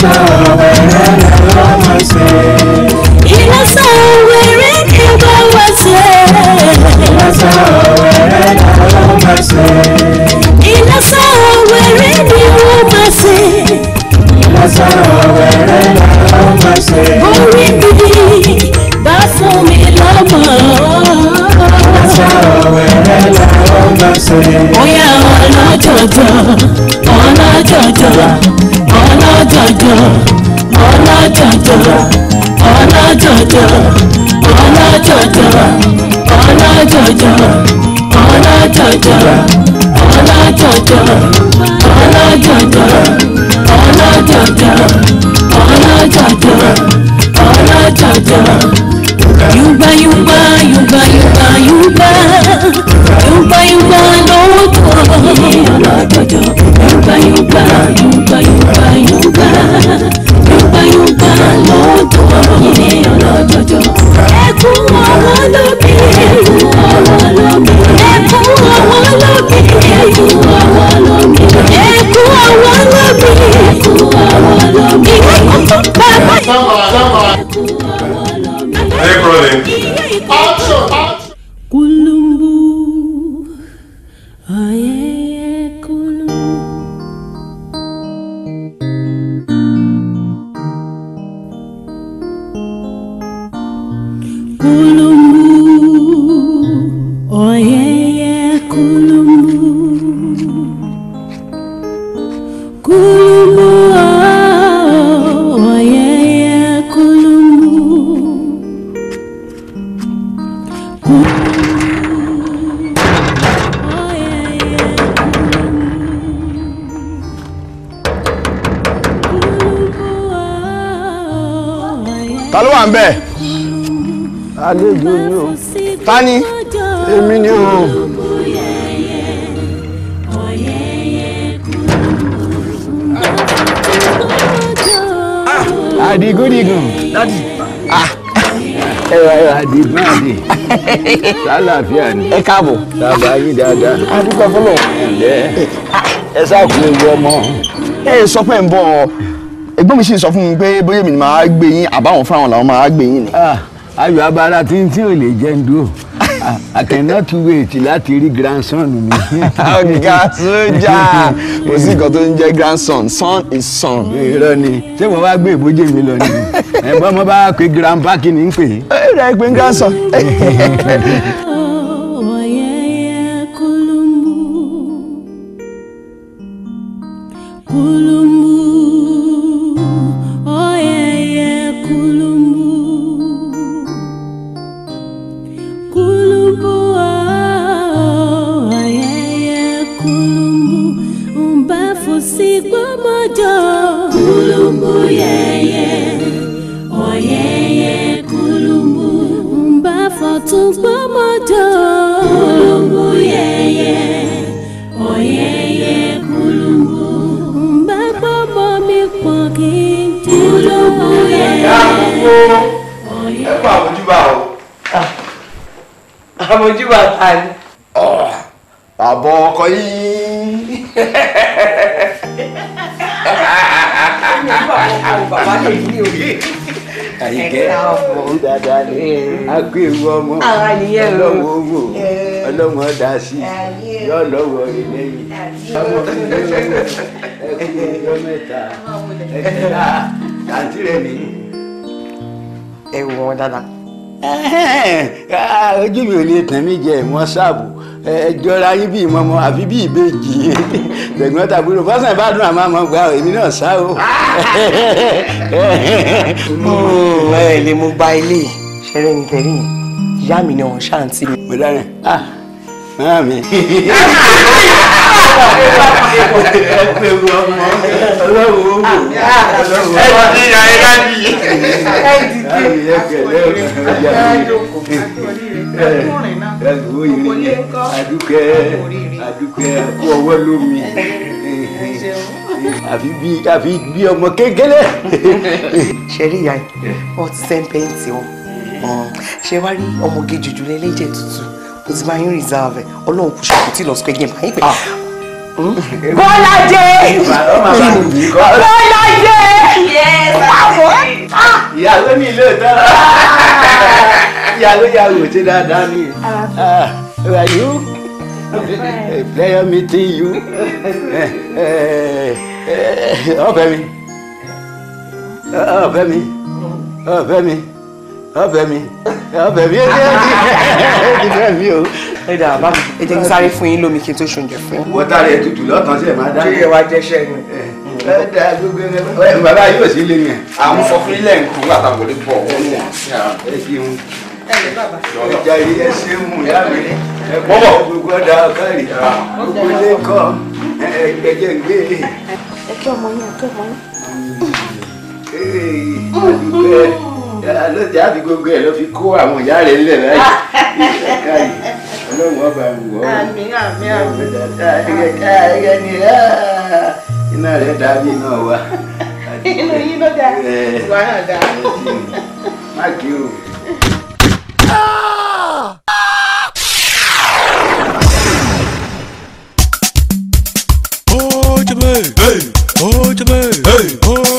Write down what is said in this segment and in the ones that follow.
tó wẹ̀rẹ̀ lọ́wọ́ wá sí. iná sọ wẹ̀rẹ̀ kí n bá wá sí. iná sọ wẹ̀rẹ̀ lọ́wọ́ wá sí. iná sọ wẹ̀rẹ̀ ni wọ́n bá sí. iná mi bá fún mi lọ́mọ. iná sọ wẹ̀rẹ̀ lọ́wọ́ wá sí. ó yà ọ̀nà jọ̀jọ̀ ọlọ́jọ̀jọ̀ ọlọ́jọ̀jọ̀ ọlọ́jọ̀jọ̀ ọlọ́jọ̀jọ̀ ọlọ́jọ̀jọ̀ ọlọ́jọ̀jọ̀ ọlọ́jọ̀jọ̀ ọlọ́jọ̀jọ̀ ọlọ́jọ̀jọ̀ ọlọ́jọ̀jọ̀ ọlọ́jọ̀jọ̀. Yúgbà yúgbà yúgbà yúgbà yúgbà yúgbà yúgbà lọ́wọ́ tó. Ọlọ́jọ̀jọ̀ yúgbà yúgbà. àlàáfíà ni. ẹ káàbọ̀. bàbá yìí dáadáa. a dúpẹ́ fọlọ́. ẹ sáàkú ewu ọmọ. ẹ sọ pé ń bọ̀ ọ ẹ̀gbọ́n mi sì sọ fún mi pé bóyá mi ni màá gbé yín àbáwọn fúnra wọn làwọn máa gbé yín ni. Ah, ayọ̀ abara tí ń tí ò lè jẹ́ ń dúró. Ah, I cannot wait láti rí grandson mi. ọ̀gá sójà kò sí nǹkan tó ń jẹ́ grandson son is son. irọ́ ni ṣé wọ́n wá gbé ìbòjì mi lọ ni ẹ̀gbọ́n mo bá pe grandpa kí ni ń pè é. ẹ rẹ̀ pé grandson. dáadáa. ojú mi ò lè tàn mí jẹ ìwọ̀n ṣáàbù ẹjọra yín bíi mọmọ àfi bíi ìbejì lẹ́gbọ́n tàbúrò fásán ìbádùn àmọ́ àmọ́ gba èmi náà sá o. ẹ lè mú gba ilé ṣẹlẹ ní tẹrí ìyá mi ni wọn ṣáà ń tì mí. mo dára ah máa mi. ẹ̀rù àbí bí ọmọ kékeré. ṣe ìyá yìí wọ́n ti sẹ́ńpẹ́ǹtì wọn ṣe wá rí ọmọge jùjú lẹ́lẹ́jẹ̀ tuntun bó ti máa ń rìsáàvẹ̀ ọlọ́run kò ṣòkò tí lọ sọ ẹgbẹ́ máa ń pè Bọ́lájé Bọ́lájé pàfọ́. ìyàwó mi ló dára ìyàwó yàwó ti dáadáa ni who are you a player meeting you ọ̀fẹ́ mi ọ̀fẹ́ mi ọ̀fẹ́ mi ọ̀fẹ́ mi ọ̀fẹ́ mi ó dé ẹbí ẹbí mi o ẹ dà bá mi ẹ jẹ́ kí sáré fún yín lómi kí n tó ṣoúnjẹ fún yín. wọ́n tààrẹ tutù lọ́tàn sí ẹ̀ máa dá. ṣé ẹ wá jẹ́ṣẹ́ ni. ẹ dà gbogbo ẹ bàbá yóò sí lé yẹn. àwọn sọ fún ilé nǹkan nígbà táwọn olè bọ̀ wọ́n mọ̀ ẹ kí n. ẹ lè yìí ẹ ṣe mú yá mi. ẹ bọ́ bọ̀ gbogbo ọ̀dà ọ̀kárì. gbogbo ilé kọ́ ẹgbẹ́jẹ̀ gbé. ẹ kí ọmọ yẹn kí ọmọ yẹn ló ti àfi gbogbo ẹ̀ ló fi kó àwọn ìyá rẹ̀ nílẹ̀ báyìí ah. ìṣẹ̀ká yìí ọlọ́run ọba wù ọ́ àmì àmì àmì ẹ̀ka ẹ̀ka ni ah. iná rẹ̀ dàbí iná wa. inú yín ló dá ìwà náà dá. má kí o. Oh, Jimmy! Hey! Oh, Jimmy! Hey! Oh!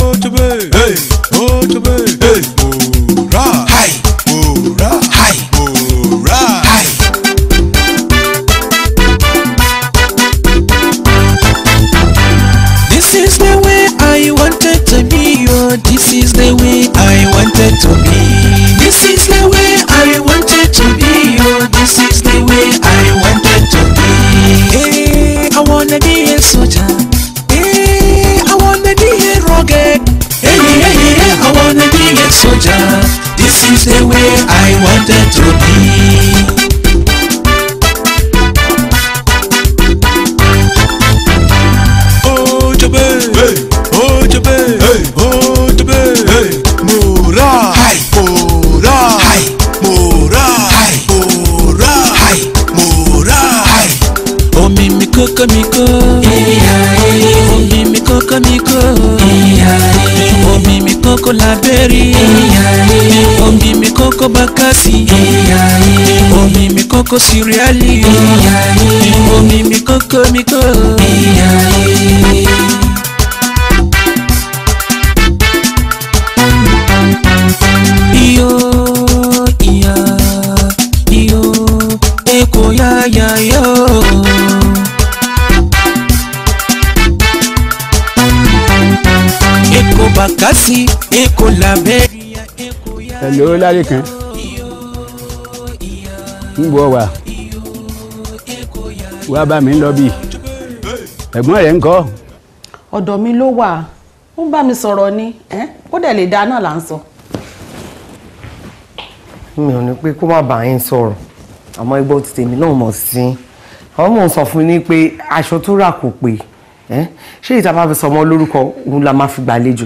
safi omi mi kókó sírẹ́lì omi mi kókó mi kó. iyo iya iyo eko ya ya hello lálẹ́ kan ńgbọ́ wa wàá bá mi lọ bí ẹ̀gbọ́n rẹ̀ ńkọ́. ọ̀dọ̀ mi ló wà ó ń bá mi sọ̀rọ̀ ni ó dẹ̀ lè dáa náà là ń sọ. mi ò ní pé kó má bàa yín sọ̀rọ̀ àmọ́ ẹgbọ́n ti tèmi náà mọ̀ sí i àwọn mò sọ fún yín pé aṣọ tó rà kò pé ṣé ìta bá fi sọ lórúkọ òun la máa fi gbàlejò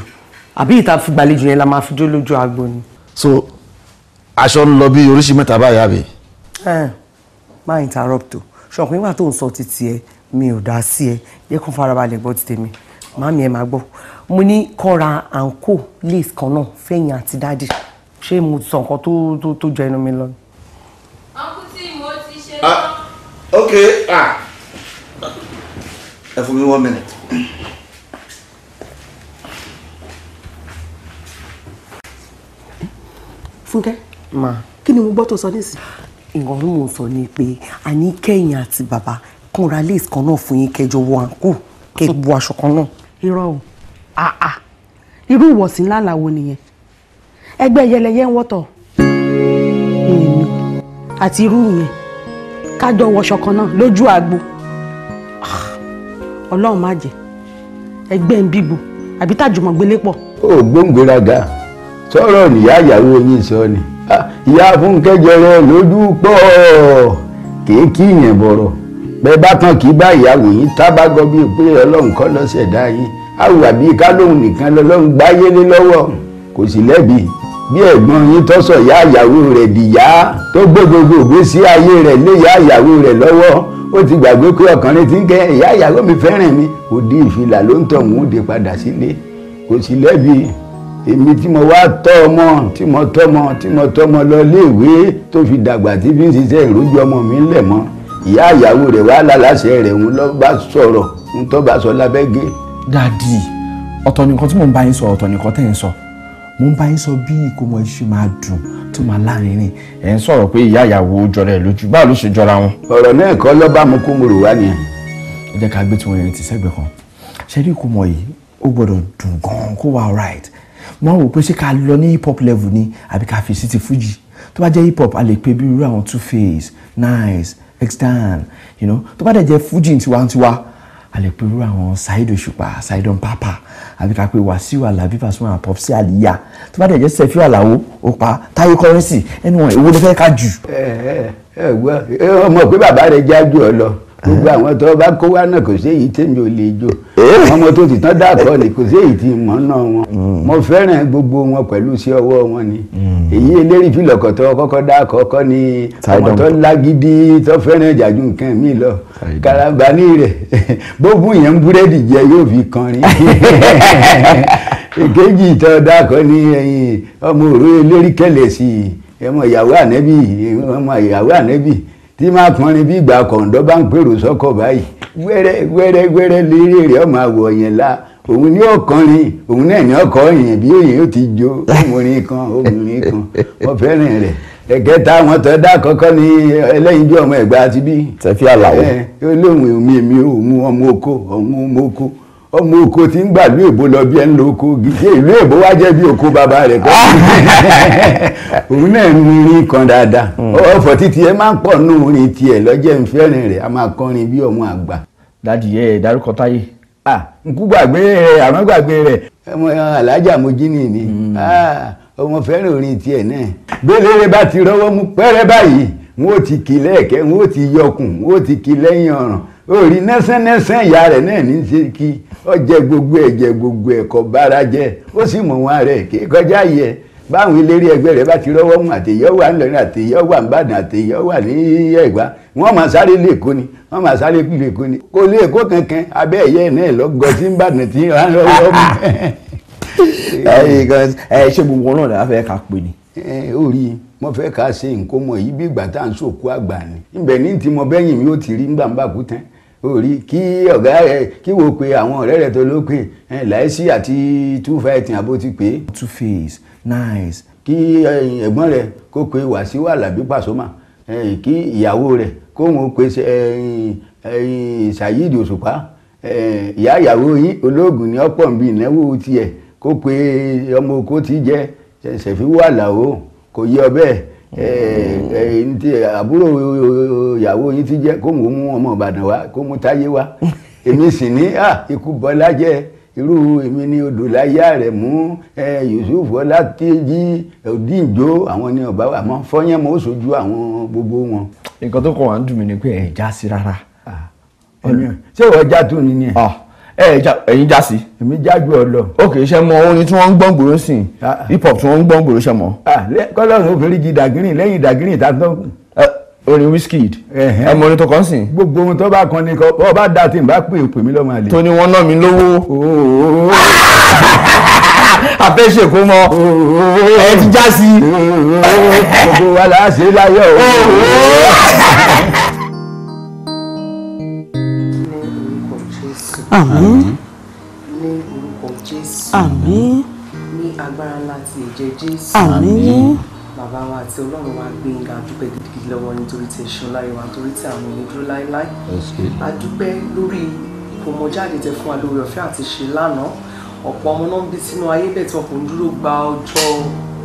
àbí ìta fi gbàlejò yẹn la máa fi jó lójú agbo ni. so aṣọ ń lọ bí oríṣi mẹ́ta báyìí àbí ẹ eh, má interrupt o ṣọkùnrin wà tó ń sọ títí ẹ mi ò dá sí ẹ jẹ́ kó farabalẹ̀ gbọ́ ti tèmi màmí ẹ máa gbọ́ mo ní kọ́ra àǹkó lace kan náà fẹ̀yìn àti dáàdì ṣé mo sọ nǹkan tó tó tó jẹ inú mi lọ. ọkú tí mo ti ṣe lọ. Ah, ok ah. ẹ fún mi one minute. fúnkẹ́ kí ni mo gbọ́ tó sọ nísìnyí nǹkan tó mò ń sọ ni pé a ní kẹ́yìn àti bàbá kúnra lace kan náà fún yín kẹjọ wọ àǹkù kẹ bu aṣọ kan náà. irọ́ o àà irú ìwọ̀sí ńlá làwọn nìyẹn ẹgbẹ́ yẹlẹyẹ ń wọ́tọ̀ èmi àti irú yẹn kájọ wọṣọ kan náà lójú àgbo ah, ọlọ́run má jẹ́ ẹgbẹ́ ń bíbu àbí tàjùmọ̀ gbélé pọ̀. ó gbóǹgbéraga sọ̀rọ̀ nìyá ìyàwó yín sọ ni. Oh, ìyá fúnkẹ́ jẹrẹ lójú pọ̀ kéèkì yẹn bọ̀rọ̀ bẹ́ẹ̀ bá tán kì í bá ìyàwó yín tábàgọ́ bíi pé ọlọ́run kọ́ lọ́sẹ̀ dá yín àwùwà bíi ká lóhun nìkan lọ́lọ́run gbáyé lé lọ́wọ́ kò sì lẹ́bi bí ẹ̀gbọ́n yín tọ́sọ̀ yá ìyàwó rẹ̀ dìyá tó gbé gbogbo ìgbésí ayé rẹ̀ lé yá ìyàwó rẹ̀ lọ́wọ́ ó ti gbàgbé pé ọkùnrin ti ń kẹ́ ìyá ìyàwó mi fẹ́ràn mi òdi ìfìlà ló ń tọ̀ mú òde padà sílé kò sì lẹ́bi èmi tí mo wá tọ́ ọmọ tí mo tọ́mọ tí mo tọ́mọ lọ léèwé tó fi dàgbà tí fi ń ṣiṣẹ́ ìrójú ọmọ mi ńlẹ̀ mọ́ ìyá ìyàwó rẹ̀ wá lálàṣẹ rẹ̀ ń lọ bá sọ̀rọ̀ ń tọ́ bá sọ lábẹ́gé. dadi ọ̀tọ̀ nìkan tí mò ń bá yín sọ ọ̀tọ̀ nìkan tẹ̀ ń sọ mo ń bá yín sọ bí ìkómọ iṣu máa dùn tó máa láàrin ẹ̀ ń sọ̀rọ̀ pé ìyá ìyàwó jọra ẹ̀ lójú báwo ló ṣe jọra wọn. ọ̀rọ̀ náà kọ́ lọ́ bá mu kó mo rò wá nìyẹn. ẹ jẹ́ ká gbé tiwọn yẹn ti sẹ́gbẹ̀ẹ́ kan ṣe rí ìkómọ yìí ó gbọ́dọ̀ dùn gan-an kó wà right mo á wò pé ṣé ká lọ ní hip hop level ni àbí ká fi sí ti fuji tó bá jẹ́ hip hop a lè pe bí irú àwọn two face nice extern you know tó bá dẹ̀ jẹ́ fuji tiwantiwa a lè pe irú àwọn Saheed Òṣùpá Saheed on papa àbí ká pe Wasiu Alabi Pasuma and Popsi Aliya tó bá dẹ̀ jẹ́ Sefiu Alao Opa Tayo Currency ẹnu wọn èwo ló fẹ́ ká jù. ẹ ẹ ẹ wọ ọmọ pé bàbá rẹ jájú ọ lọ. gbogbo àwọn tó bá kó wá náà kò sí èyí tèmi ò lè jó eh? ọmọ mo tó ti tán dàkọ ni kò sí èyí tí mọ̀ náà wọn hmm. mo fẹ́ràn gbogbo wọn pẹ̀lú sí ọwọ́ wọn ni hmm. èyí eléré fìlọ̀kọ̀ tó kọ́kọ́ dàkọ́ kọ́ ni Ọmọ tó lágídí tó fẹ́ràn nǹkan mi lọ rẹ̀ bóbú yẹn ń búrẹ́dì jẹ yóò fi rí. èkejì tó ni ọmọ òru sí ọmọ ìyàwó ànẹ́bì tí máa kọrin bí ìgbà kọ̀ǹdọ́ bá ń pèrò sọ́kọ̀ báyìí wẹ́rẹ́ wẹ́rẹ́ wẹ́rẹ́ lérè rẹ̀ ọmọ àwọ̀ yẹn la òun ní ọkọrin òun náà ní ọkọ yẹn bí òyìn ó ti jó ọmọrin kan obìnrin kan wọ́n fẹ́ràn rẹ̀ ẹ̀kẹta àwọn tó dá kọ́kọ́ ní ẹlẹ́yinjú ọmọ ẹ̀gbá àti bí. tẹ́fí àlàó. ẹ olóhùn èmi èmi ò mú ọmọ oko ọmọ oko ọmọ oko ti ń gbàlú èbó lọ bí ẹ ń lo oko gígé ìlú èbó wá jẹ́ bí oko bàbá rẹ̀ kọ́ òun náà ń rin kan dáadáa hmm. ọ̀fọ̀ títí ẹ máa ń pọ̀ nù rin tiẹ̀ lọ́jẹ́ ń fẹ́ràn a máa kọrin bí ọmọ àgbà. dádì yẹ ẹ dárúkọ táyé. ah nkú gbàgbé rẹ àmọ́ gbàgbé rẹ. ọmọ alájà mojíní ni hmm. ọmọ fẹ́ràn orin tiẹ̀ náà. gbélére bá ti rọwọ́ mú pẹ́rẹ́ báyìí wọ́n ti kì lẹ́ẹ̀kẹ́ wọ́n ti yọkùn wọ́n ti kì lẹ́yìn ọ̀ràn orí nẹ́sẹ́nẹ́sẹ́ ìyá rẹ̀ náà ní ṣe kí ọ jẹ gbogbo ẹ̀jẹ̀ jẹ gbogbo ẹ̀ kọ́ bára jẹ ó sì mọ̀ wọn rẹ̀ kí kọjá yẹ báwọn eléré ẹgbẹ́ rẹ̀ bá ti rọ́wọ́ mú àtẹ̀yẹ́ wà ńlọrin àtẹ̀yẹ́ wà ńbàdàn àtẹ̀yẹ́ wà ní ẹ̀gbá wọ́n máa sáré ni wọ́n máa sáré ni ni ní orí kí ọ̀gá rẹ kí wo pé àwọn ọ̀rẹ́ rẹ tó lópin láìsí àti two five àbó ti pè é. two face nice. kí ẹ̀gbọ́n rẹ kó pe Wàsíù Àlàbí Pasuma kí ìyàwó rẹ kóhun ó pe Saheed Òṣùpá ìyá ìyàwó yín olóògùn ní ọ̀pọ̀ nbí ìnáwó tiẹ̀ kó pe ọmọ oko tí jẹ́ Ṣẹ̀fíwò Àlàó kò yẹ ọ bẹ́ẹ̀ ntí àbúrò ìyàwó yín ti jẹ́ kó mò ń mú ọmọ ìbàdàn wá kó mú táyé wá èmi sì ní ikú bọ́lá jẹ́ irú èmi ni odòláyà rẹ̀ mú yusuf ọlátẹ́jì òdìjọ́ àwọn ni ọba wa mọ́ fọ́yán mọ́ sojú àwọn gbogbo wọn. nǹkan tó kọ̀ wá ń dùn mí ni pé ẹ̀ já sí rárá. ṣé ìwọ já tó ni ni ẹ ẹ̀yin já sí. èmi jájú ọlọ. ok ṣe mọ orin tí wọ́n ń gbọ́n gbòòrò sí ah. hip hop tí wọ́n ń gbọ́n gbòòrò ṣe mọ. Ah, kọ́lọ́run obìnrin di dàgírìn lẹ́yìn dàgírìn ìtàkùn. orin Wizkid ẹ mọ orin tó kàn sí. gbogbo ohun tó bá kan ni kò bá dà tí n bá pè pè mí lọ́mọ àlè. tó ní wọ́n ná mi lówó. àfẹ́ ṣèkó mọ ẹ ti já sí. gbogbo wa là á ṣe láyọ̀ o. àmín ní orúkọ jésù àmín ní agbára ńlá ẹ̀jẹ̀ jésù àmín bàbá wa àti ọlọ́run wa gbé ń dúpẹ́ gidigidi lọ́wọ́ nítorí tí ẹ̀ṣọ́ láyé wa nítorí tí àwọn ènìyàn láéláé a dúpẹ́ lórí ìfòmọ́jáde tẹ fún wa lórí ọ̀fẹ́ àti ṣe lánàá ọ̀pọ̀ ọmọ náà ń bí sínú ayé bẹ́ẹ̀ tí wọn dúró gba ọjọ́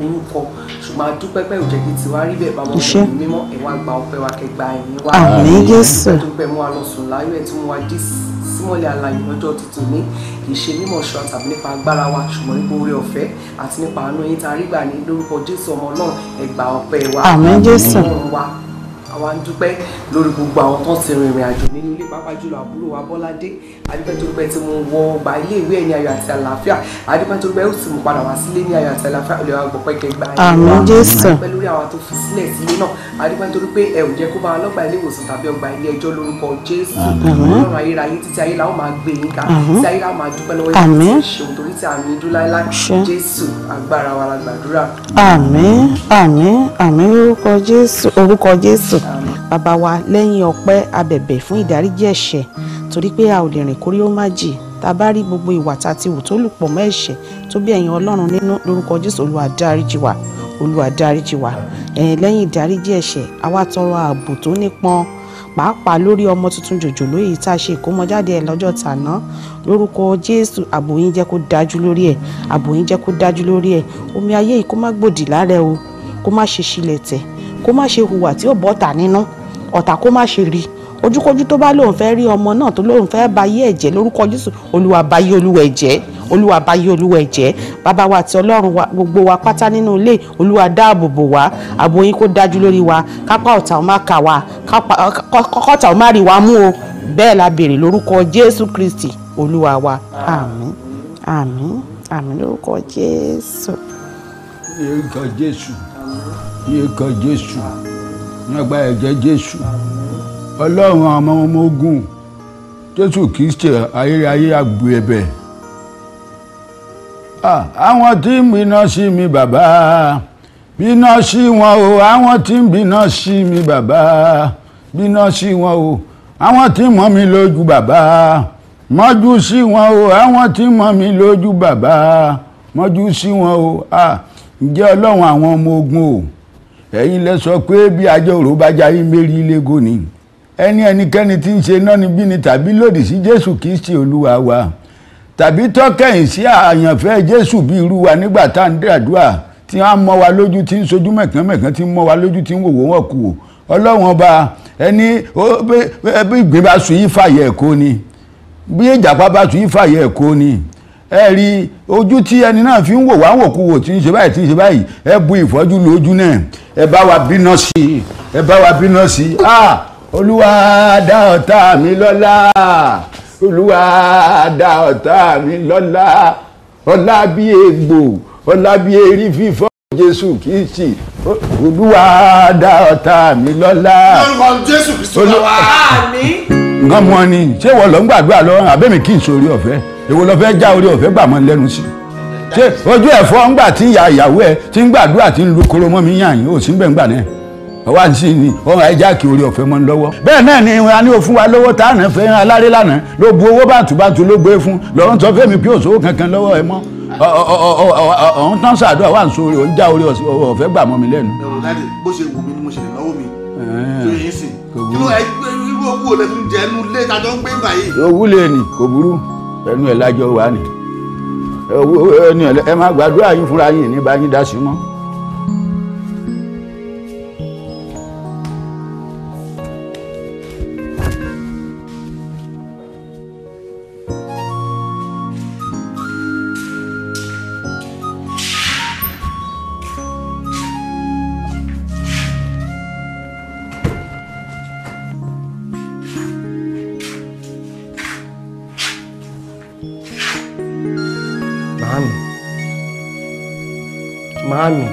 orúkọ ṣùgbọ́n a dúpẹ́ pé òjẹ́ kìí ti rí bẹ́ẹ̀ bàbá ọmọ mímọ́ ẹ̀ gba ọpẹ́ wa kẹgbà ẹ̀yìn wa àmín Jésù dúpẹ́ mú wa lọ sùn láyọ̀ ẹ̀ tí mo wá dí sí símọ́lẹ̀ alààyè lọ́jọ́ tuntun ní kì í ṣe mímọ̀ ṣọ́ tàbí nípa agbára wa ṣùgbọ́n nípa oore ọ̀fẹ́ àti nípa àánú yín tá a rí gbà ní lórúkọ Jésù ọmọ Ọlọ́run ẹ gba wa àmín Jésù wa àwa ń dúpẹ́ lórí gbogbo àwọn tó ti rìnrìn àjò nínú ilé pàápàá jùlọ àbúrò wa Bọ́ládé adúpẹ́ tó pẹ́ tí mo wọ ọgbà ilé ìwé ẹ̀ ní ayọ̀ àti àlàáfíà adúpẹ́ tó pẹ́ ó sì mú padà wá sílé ní ayọ̀ àti àlàáfíà olè wa gbọ́ pẹ́kẹ́ gba àmín adúpẹ́ lórí àwa tó fi sílẹ̀ sílé náà adúpẹ́ tó pé ẹ ò jẹ́ kó máa lọ́gbà ilé ìwòsàn tàbí ọgbà ilé ẹjọ́ lórúkọ Jésù síbẹ̀ bàbá wa lẹ́yìn ọpẹ́ abẹ̀bẹ̀ fún ìdáríjì ẹ̀ṣẹ̀ torí pé a ò lè rìn kórí ó má jì tá a bá rí gbogbo ìwà tá a ti wù tó lù pọ̀ mọ́ ẹ̀ṣẹ̀ tó bí ẹ̀yin ọlọ́run nínú lórúkọ jésù olúwa dáríjì wa olúwa dáríjì wa ẹ̀yìn lẹ́yìn ìdáríjì ẹ̀ṣẹ̀ àwa tọrọ ààbò tó nípọn pàápàá lórí ọmọ tuntun jòjòló èyí tá a ṣe ìkómọjáde ẹ lọ́jọ́ tàná lórúkọ jésù ààbò yín jẹ́ kó dájú lórí ẹ̀ ààbò yín kó dájú lórí ẹ̀ omi ayé yìí kó má gbòdì lára o kó má ṣe ṣílẹ̀ tẹ̀ kó má ṣe hùwà tí ó bọ́ ọ̀tá nínú ọ̀tá kó má ṣe rí ojúkójú tó bá lóun fẹ́ rí ọmọ náà tó lóun fẹ́ bayé ẹ̀jẹ̀ lórúkọ Jésù olúwa bayé olúwa ẹ̀jẹ̀ olúwa bayé olúwa ẹ̀jẹ̀ bàbá wa àti ọlọ́run wa gbogbo wa pátá nínú ilé olúwa dáàbò bò wá ààbò kó dájú lórí wa kápá ọ̀tá ò má kà wá kọ́kọ́tà ò má rí wa mú o bẹ́ẹ̀ la béèrè lórúkọ Jésù Kristi olúwa wa àmín àmín àmín lórúkọ Jésù. lórúkọ Jésù ní ikọ̀ jésù nípa ẹ̀jẹ̀ jésù ọlọ́run àwọn ọmọ ogun jésù kristi ayérayé àgbò ẹ̀bẹ̀ àwọn tí ń bínú sí mi bàbá bínú sí wọn o àwọn tí ń bínú sí mi bàbá bínú sí wọn o àwọn tí mọ̀ mi lójú bàbá mọ́jú sí wọn o àwọn tí mọ̀ mi lójú bàbá mọ́jú sí wọn o ǹjẹ́ ọlọ́run àwọn ọmọ ogun o ẹ̀yin lẹ sọ pé bí ajọ òrò bá jayé mérí ilégo ni ẹni ẹnikẹ́ni tí ń ṣe nọ́nibíni tàbí lòdì sí jésù kristi olúwa wa tàbí tọ́kẹ̀yìn sí àyànfẹ́ jésù bí irú wa nígbà tá à ń dàdúrà tí wọ́n á mọ́ wa lójú tí ń sojú mẹ̀kán mẹ̀kán tí ń mọ́ wa lójú tí ń wòwò wọn kù wò ọlọ́run ẹni bí ìgbín bá sùn yí fàyẹ̀ ẹ̀kọ́ ni bí ìjàpá bá sùn yí fàyẹ̀ ẹ̀kọ́ ni ẹ rí ojú tí ẹni náà fi ń wò wá wòkúwò tí ń ṣe báyìí tí ń ṣe báyìí ẹ bu ìfọ́jú lójú náà ẹ bá wa bínú sí i ẹ bá wa bínú sí i ah olúwa dá ọ̀tá mi lọ́lá olúwa dá ọ̀tá mi lọ́lá ọlá bí egbò ọlá bí erí fífọ́ jésù kìsì olúwa dá ọ̀tá mi lọ́lá. lọ́mọ jésù kìsì lọ́wọ́ àmì. nǹkan mọ́ ni ṣé wọ́n lọ ń gbàdúrà lọ́rùn àbẹ́mi kì í sórí ọ̀fẹ́ èwo lọ fẹ́ já orí ọ̀fẹ́ gbà mọ́ lẹ́nu sí ṣé ojú ẹ̀fọ́ ńgbà tí ìyá ìyàwó ẹ ti ń gbàdúrà tí ń lu koro mọ́ mi yàn yín ò sí bẹ́ẹ̀ ńgbà náà ọwọ́ àti sí ni ọmọ ẹja kí orí ọ̀fẹ́ mọ́ ń bẹ́ẹ̀ náà ni a ní òfun wa lọ́wọ́ tá à ná fẹ́ aláré lánàá ló bu owó bàtúbàtú ló gbé fún lọ́rùn tó fẹ́ mi pé òṣòwò kankan lọ́wọ́ ẹ mọ́ ọ̀hún tán sàdúrà wà ń so orí ọ̀hún já orí ọ̀fẹ́ gbà mọ́ mi lẹ́nu. ẹ̀rọ dáadé bó ṣe wù mí ni mo ṣe lè náwó mi tó yín sìn irú owó lẹ́tún jẹ́ nú lé tàjọ́ ń gbé báyìí. owó lè ní kò burú ẹnu ẹ̀ lájọ wà ní ẹ má gbàdúrà yín fúnra yín ní bá dá sí mọ́. màámi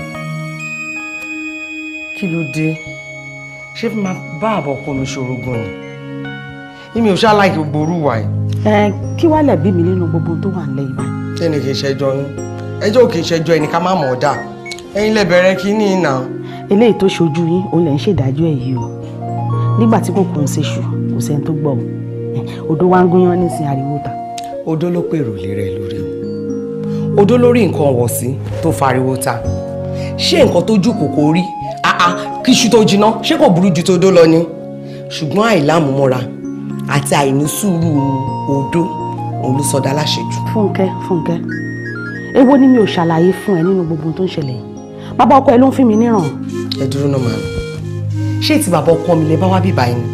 kí ló dé ṣé fi máa bá àbọ̀ ọkọ mi ṣorogún ni èmi ò ṣáláì gbogbo orúwà ẹ̀. ẹ kí wàá lẹ̀bi mi nínú gbogbo tó wà nílẹ̀ ibà. kí ni kì í ṣẹjọ́ yín ẹjọ́ ò kì í ṣẹjọ́ ẹnì ká má mọ̀ ọ́ dà ẹ̀yin lẹ bẹ̀rẹ̀ kí ní ìnà. eléyìí tó ṣojú yín òun lẹ̀ ń ṣèdájọ́ ẹ̀ yìí o nígbà tí kòkòrò ń ṣe kò sẹ́ni tó gbọ́ o odò wa ń gúnyán nísìnyí ariwo ta. odò ló pèrò lé rẹ odó lórí nǹkan wọ̀sí tó fariwo ta ṣé nǹkan tó jù kòkó rí àá ah, ah, kí iṣu tó jiná ṣé kò burú ju todó lọ ni ṣùgbọ́n àìláàmúmọ́ra àti àìnísùúrù odó òun ló sọdá láṣejù. fúnkẹ́ fúnkẹ́ èwo ni mi ò ṣàlàyé fún ẹ nínú gbogbo tó ń ṣẹlẹ̀ bàbá ọkọ ẹ ló ń fi mi níràn. ẹ dúró náà màá ṣé ti bàbá ọkọ mi lè bá wá bíbá ẹni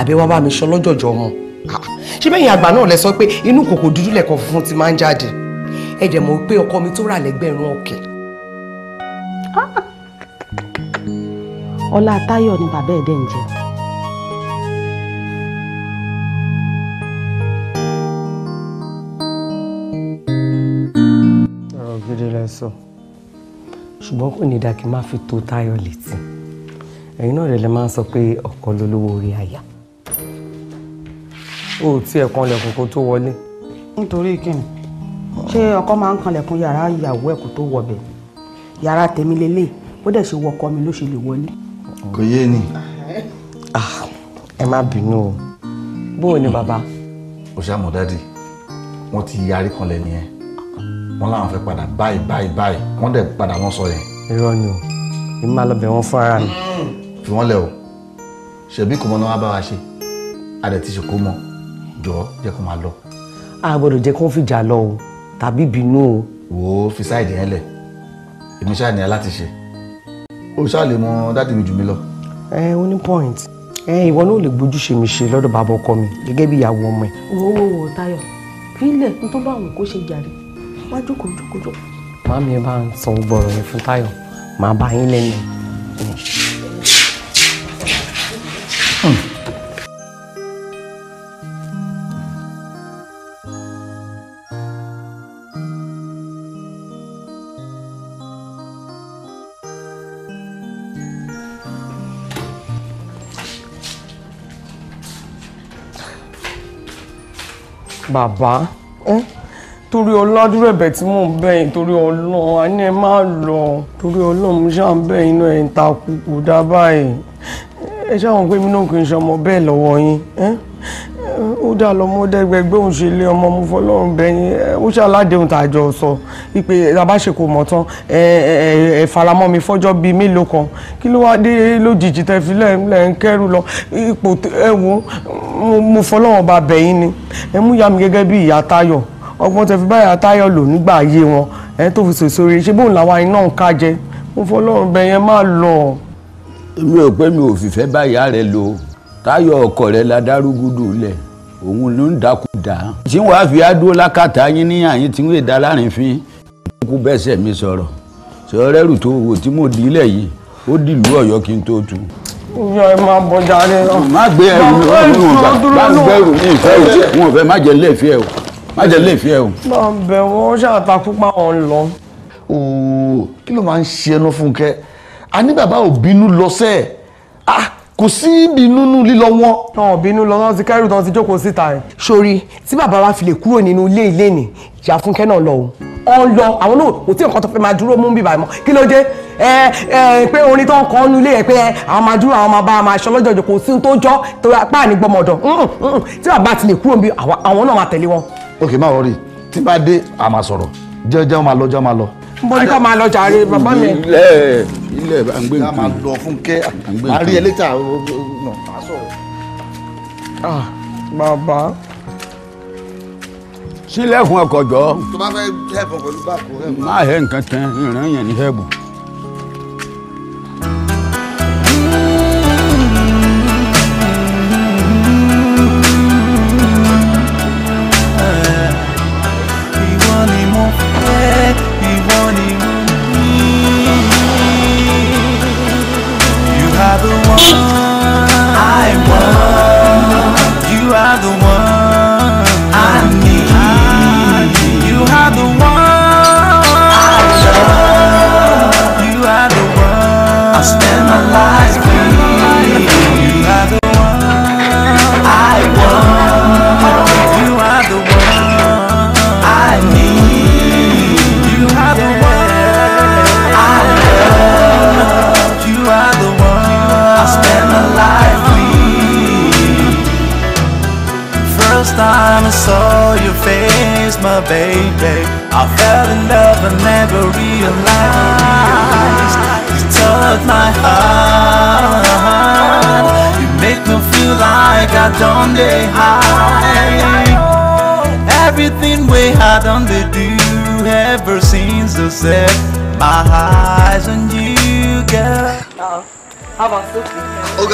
àbí wá bá mi sọ lọ́jọ̀jọ̀ ọmọ ah, ṣé bẹ́yìn àgbà náà lẹ sọ pé inú kòkò dúdú lẹ̀kọ́ funfun ti máa ń jáde ẹ dẹ̀ mọ̀ pé ọkọ mi tó rà lẹ́gbẹ̀rún ọ̀kẹ́. Ah! ọlá táyọ̀ ni bàbá ẹ̀ dẹ̀ ń jẹ. ọ̀rọ̀ gidi lẹ sọ ṣùgbọ́n kò ní dáa kí n má fi tó táyọ̀ létí ẹ̀yin náà lè máa ń sọ pé ọkọ lolówó orí àyà ó tiẹ̀ kan lẹ̀kùn kó tó wọlé. nítorí kí ṣé ọkọ máa ń kanlẹ̀kùn yàrá ìyàwó ẹ̀ kó tó wọbẹ̀ yàrá tèmi lélẹ̀ bó dẹ̀ ṣe wọ ọkọ mi ló ṣe lè wọlé. kò yé ni. Ah, ẹ má bínú o bó o ní bàbá. o ṣe àmọ̀ dádì wọ́n ti yarí kanlẹ̀ nìyẹn wọ́n láwọn fẹ́ padà báyìí báyìí báyìí wọ́n dẹ̀ padà wọ́n sọ yẹn. irọ́ ni o èmi máa lọ bẹ̀ wọ́n fún ara mi. fi wọ́n lẹ̀ o ṣebí kò mọ́ náà wá bá wa ṣe a dẹ̀ ti ṣe kó mọ́ jọ̀ọ́ jẹ́ kó máa lọ. a gbọ́dọ̀ jẹ́ kó fi lọ o tàbí bínú o. wò ó fi sáìdì yẹn lẹ̀ èmi ṣáà ní aláti ṣe ó ṣáà lè mọ dáàdì mi jù mí lọ. ẹ ó ní point ẹ ìwọ náà lè gbójú ṣe mi ṣe lọ́dọ̀ bàbá ọkọ mi gẹ́gẹ́ bí ìyàwó ọmọ ẹ. wò ó wò ó Táyọ̀ fílẹ̀ n tó bá àwọn kó ṣe jàre wá jókòó jókòó jókòó. màmí ẹ bá ń sọ gbọ́rọ̀ yẹn fún Táyọ̀ màá bá yín lẹ́nu. bàbá torí ọládúró ẹ̀bẹ̀ tí mò ń bẹ̀ yín torí Ọlọ́run a ní ẹ má lọ torí Ọlọ́run mo ṣáà ń bẹ̀ yín náà ẹ ń ta kúkú dá báyìí ẹ ṣáà ń pè mí náà kì í ṣe ọmọ bẹ́ẹ̀ lọ́wọ́ yín ó dà lọ́mọdẹ́gbẹ́gbẹ́ òun ṣe ọmọ mo fọlọ́run bẹ̀ yín ó ṣàládéhùn tàjọ sọ. So wípé abáṣekò mọ̀ tán ẹ faramọ́ mi fọ́jọ́ bíi mélòó kan kí ló wá dé lójijì tẹ́ fi lẹ́ ń kẹ́rù lọ ipò ẹ wo mo fọlọ́wọ́n ba bẹ̀yìn ni ẹ mú ya mi gẹ́gẹ́ bí ìyá Táyọ̀ ọgbọ́n tẹ́ fi báyà Táyọ̀ lò nígbà ayé wọn ẹ tó fi sòsò rè ṣé bóun làwọn iná ń ká jẹ mo fọlọ́wọ́n bẹ̀yẹn má lọ. èmi ò pé mi ò fìfẹ́ báyà rẹ lò Táyọ̀ ọkọ rẹ la dárúgúdù lẹ̀ òun ló ń dákú dá. tí wàá fi á dúró lákàtà yín ní àyín tí wọ́n èdè alárìnfín kú bẹ́sẹ̀ mi sọ̀rọ̀ sọ̀rọ̀ tó wò tí mo di ilẹ̀ yìí ó dìlú ọ̀yọ́ kí n tó tu. ìyá ẹ máa bọ jàre má gbé ẹrù mi wọn ni wọn gbà bá ń bẹ̀rù mi ìfẹ́ o wọn fẹ́ má jẹ ilé ìfẹ́ o má jẹ ilé ìfẹ́ o. máa bẹ̀ wọ́n ṣàtàkùn pa wọn lọ. ooo kí ló máa ń ṣe ẹnu fúnkẹ́ a ní bàbá ò bínú lọ sẹ́ẹ̀ ah kò sí ìbínú nù lílọ wọn. náà bínú lọ náà ti kẹrù ti jókòó síta ẹ. sori tí bàbá wa fi lè kúrò nínú ilé ilé ni ṣe àfúnkẹ́ náà lọ o ọ̀n lọ àwọn náà kò tí nǹkan tó fẹ́ máa dúró mú bíbá mọ́ kí ló dé ẹ ẹ pé orin tó ń kọ́ ọ́nú ilé ẹ pé àwọn máa dúró àwọn máa bá máa ṣọ lọ́jọ́jọ́ kò sí tó jọ́ tó apá ní gbọmọdọ̀ tí bàbá ti kúrò bí àwọn náà máa tẹ̀lé wọn. ok má wọrí tí bá dé a máa sọ̀rọ̀ jẹ́jẹ́ máa lọ jẹ́ máa lọ. mo ní ká máa lọ jàre bàbá mi. ilé ilé à ń máa lọ fún kẹ́ àrí sílẹ̀kùn ọkọ̀ jọ. tó bá fẹ́ hẹ́ẹ̀bù pẹ̀lú báàkù hẹ́ẹ̀bù. má hẹ́ẹ̀ nǹkan kan ìrìn yẹn ní hẹ́ẹ̀bù.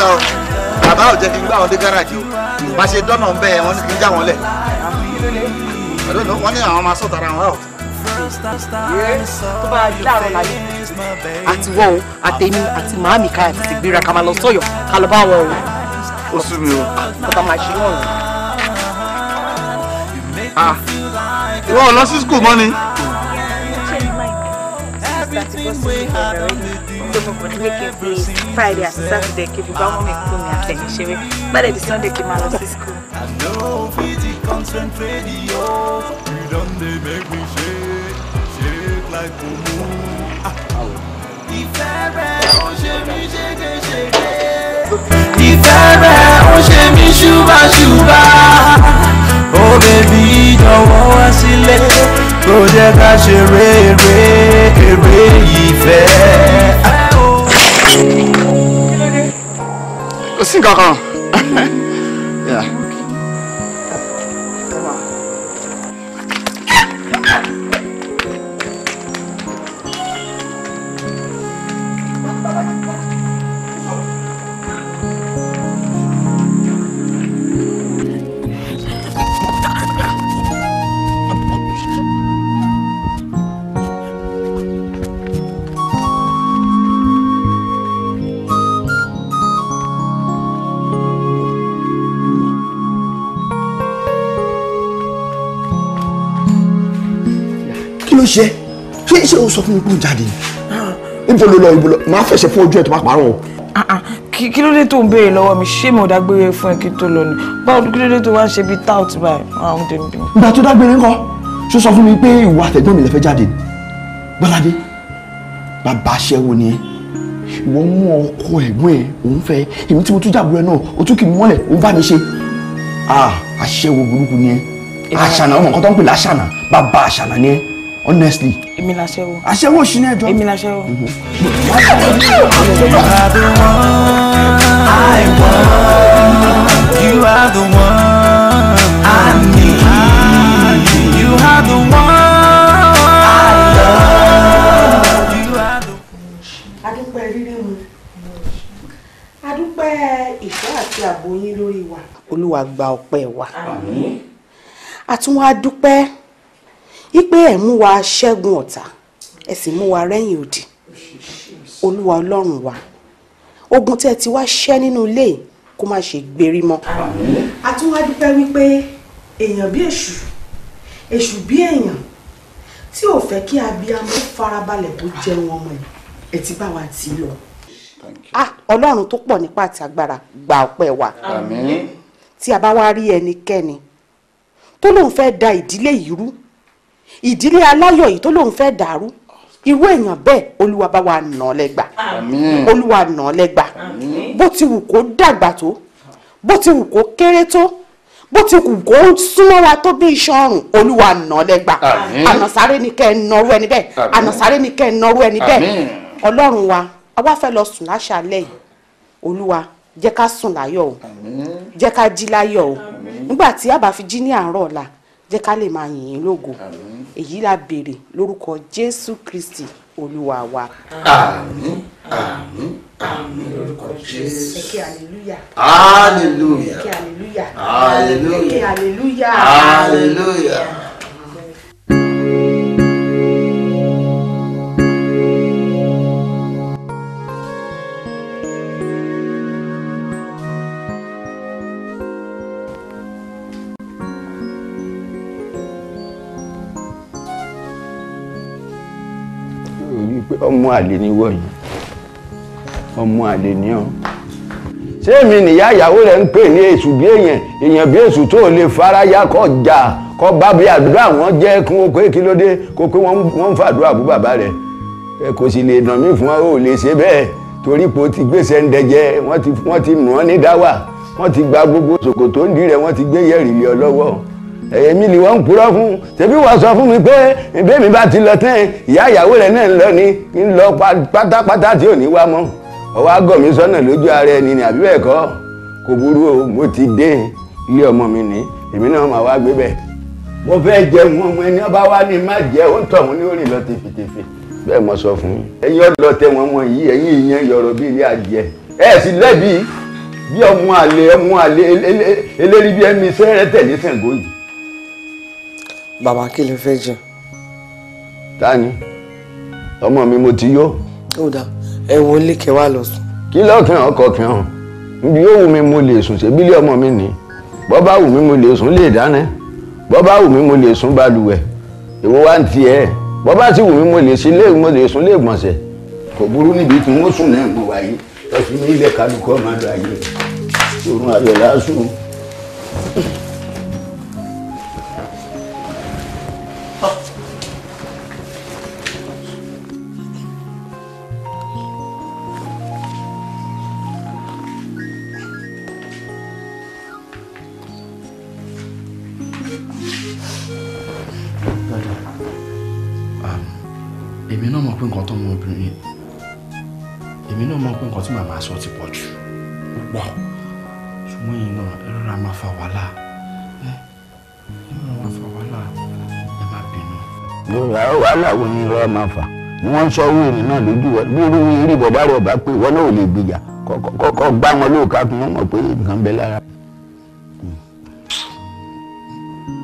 lọ bàbá ò jẹ́ kí n gbà wọn dé gáràjì o bá ṣe dọ́nà ń bẹ́ wọn ní kí n já wọn lẹ̀ wọ́n ní àwọn máa sọ̀tara wọn o. tó bá yọ láàrọ̀ láyé àti wọ́n o àtẹ̀mí àti màámi ká àti ìgbéra ká máa lọ sọ́yọ̀ ká lọ bá wọn o. ó sú mi o. ọba máa ṣe wọn o. Ah, ìwọ ò lọ sí skul mọ́ ni. Everything we had tumetumike Friday and Saturday kivibao mikume akenyeshewe mara di Sunday kimala siku Ìfẹ́ rẹ̀ ó ṣe mí ṣúbàṣúbà. Ó bèbí jọ̀wọ́ wá não Kò jẹ́ ká ṣeré eré eré ìfẹ́. 我睡觉了。ṣé o sọ fún mi pé o jáde ibo ló lọ ibo lọ máa fẹsẹ̀ fún ojú ẹ̀ tó bá parọ́ o. Ah, ah, kí ló dé tó ń béèrè lọ́wọ́ mi ṣé mo dágbére fún ẹ kí tó lọ ni báwo kí ló dé tó wá ń ṣe bíi tout báyìí àwọn ọmọdé mi. ìgbà tó dágbére ńkọ́ ṣó sọ fún mi pé ìwà àtẹ̀gbọ́n mi lè fẹ́ jáde gbọ́ládé bàbá aṣẹ́wó ni ẹ́ ìwọ mú ọkọ ẹ̀gbọ́n ẹ̀ òun fẹ́ èmi tí mo tún jàbúrẹ́ náà o tún kì í mọ́lẹ̀ òun bá mi ṣe ah aṣẹ́wó burúkú ni ẹ́ àṣànà ọmọ nǹkan tó ń pè láṣànà bàbá àṣànà honestly. èmi làṣẹ́wó. àṣẹ́wó ṣì ní ẹjọ́. èmi làṣẹ́wó. I want. You are the one I need. You are the one I love. You are the one. Olúwa gba ọpẹ́ wa. àmín. àtúnwá dúpẹ́ wípé ẹ̀ mú wa ṣẹ́gun ọ̀tá ẹ̀ sì mú wa rẹ́yìn òdì olúwa ọlọ́run wa ogun tẹ́ ẹ ti wá ṣẹ́ nínú ilé kó má ṣe gbérí mọ́. a tún wípé èèyàn bí èṣù èṣù bí èèyàn tí ò fẹ́ kí abiyamọ farabalẹ̀ kó jẹun ọmọ ẹ̀ ẹ̀ ti bá wa tì í lọ. ah ọlọ́run tó pọ̀ nípa àti agbára gba ọpẹ́ wa tí a bá wá rí ẹnikẹ́ni tó lóun fẹ́ da ìdílé yìí rú ìdílé aláyọ̀ yìí tó lóun fẹ́ dàrú irú èèyàn bẹ́ẹ̀ olúwa bá wa nà án lẹ́gba olúwa nà án lẹ́gba bó ti wù kó dàgbà tó bó ti wù kó kéré tó bó ti wù kó súnmọ́ra tó bí iṣan ọrùn olúwa nà án lẹ́gba ànàsáré ni kẹ́ ẹ nọrú ẹni bẹ́ẹ̀ ànàsáré ni kẹ́ ẹ nọrú ẹni bẹ́ẹ̀ ọlọ́run wa àwa fẹ́ lọ sùn láṣálẹ́ yìí olúwa jẹ́ ká sùn láyọ̀ o jẹ́ ká jí láyọ̀ o nígbà tí a ní àárọ̀ ọ̀la jẹ́ ká lè máa yìn ín lógo èyí la béèrè lórúkọ jésù kristi olúwa wa. àmín àmín àmín lórúkọ jésù. ẹkẹ aleluya. aleluya. ẹkẹ aleluya. aleluya. ẹkẹ aleluya. aleluya. àlè ni wọ̀ yìí ọmọ àlè ni ọ́ ṣé èmi nìyá ìyàwó rẹ̀ ń pè ní èṣù bí èèyàn èèyàn bí èṣù tó lè faraya kọ́ jà kọ́ bá bí àdúrà wọn jẹ́ kí wọ́n pé kí ló dé kó pé wọ́n ń fàdúrà bú bàbá rẹ̀ ẹ kò sì lè nà mí fún ọ ò lè ṣe bẹ́ẹ̀ torí po ti gbèsè ń dẹjẹ wọ́n ti nù ọ́ ní dáwà wọ́n ti gba gbogbo ṣòkòtò ń dì rẹ̀ wọ́n ti gbé yẹ̀rì lé ọ lọ́wọ́ èmi ni wọ́n ń purọ́ fún tẹ̀bí wọ́n sọ fún mi pé bẹ́ẹ̀mi bá ti lọ tán ìyá ìyàwó rẹ̀ náà ń lọ ní ń lọ pátápátá tí ò ní wá mọ́ ọwọ́ àgọ́ mi sọ́nà lójú ara ẹni ni àbí bẹ́ẹ̀ kọ́ kò burú o mo ti dé ilé ọmọ mi ní èmi náà máa wá gbé bẹ́ẹ̀ mo fẹ́ jẹun ọmọ ẹni ọba wa ni má jẹ́ ó ń tọ̀ wọn ní orí lọ tèfètèfè bẹ́ẹ̀ mo sọ fún yín ẹ̀yin ọlọ́tẹ̀ wọn wọn yìí ẹ̀yin ìyẹn yọ̀rọ̀ bí ilé adìẹ ẹ̀ sì lẹ́bi bí ọmọ àlè ọmọ àlè eléríbi ẹ̀mí sẹ́rẹ̀ tẹ̀lé Ṣàngó yìí bàbá kí lè fẹ́ jẹ. tani ọmọ mi mo ti yó. ó dà ẹ wọlé kẹ wá lọ sùn. kí lọ́ọ̀kì hàn ọkọ̀ kì hàn ibi yóò wù mí mo lè sùn ṣe bílẹ̀ ọmọ mi nì bọ́ bá wù mí mo lè sùn lè dáná bọ́ bá wù mí mo lè sùn balùwẹ̀ èwo wá ń tiẹ̀ bọ́ bá ti wù mí mo lè sí lé mo lè sùn lé gbọ̀nsẹ̀ kò burú níbi tí wọ́n sùn náà mo wà yìí lọ́sùn ní ilé kálukọ́ máa lọ ayé òun ayọ̀ lásùn. wàhálà wo ni irọ́ máa fà ni wọ́n ń sọ owó ìrìn náà lójú wọn bí irú irí bọ̀bá rẹ̀ bá pé ìwọ náà ò lè gbìjà kọ́kọ́ gbá wọn lóòka kí wọ́n mọ̀ pé nǹkan bẹ lára.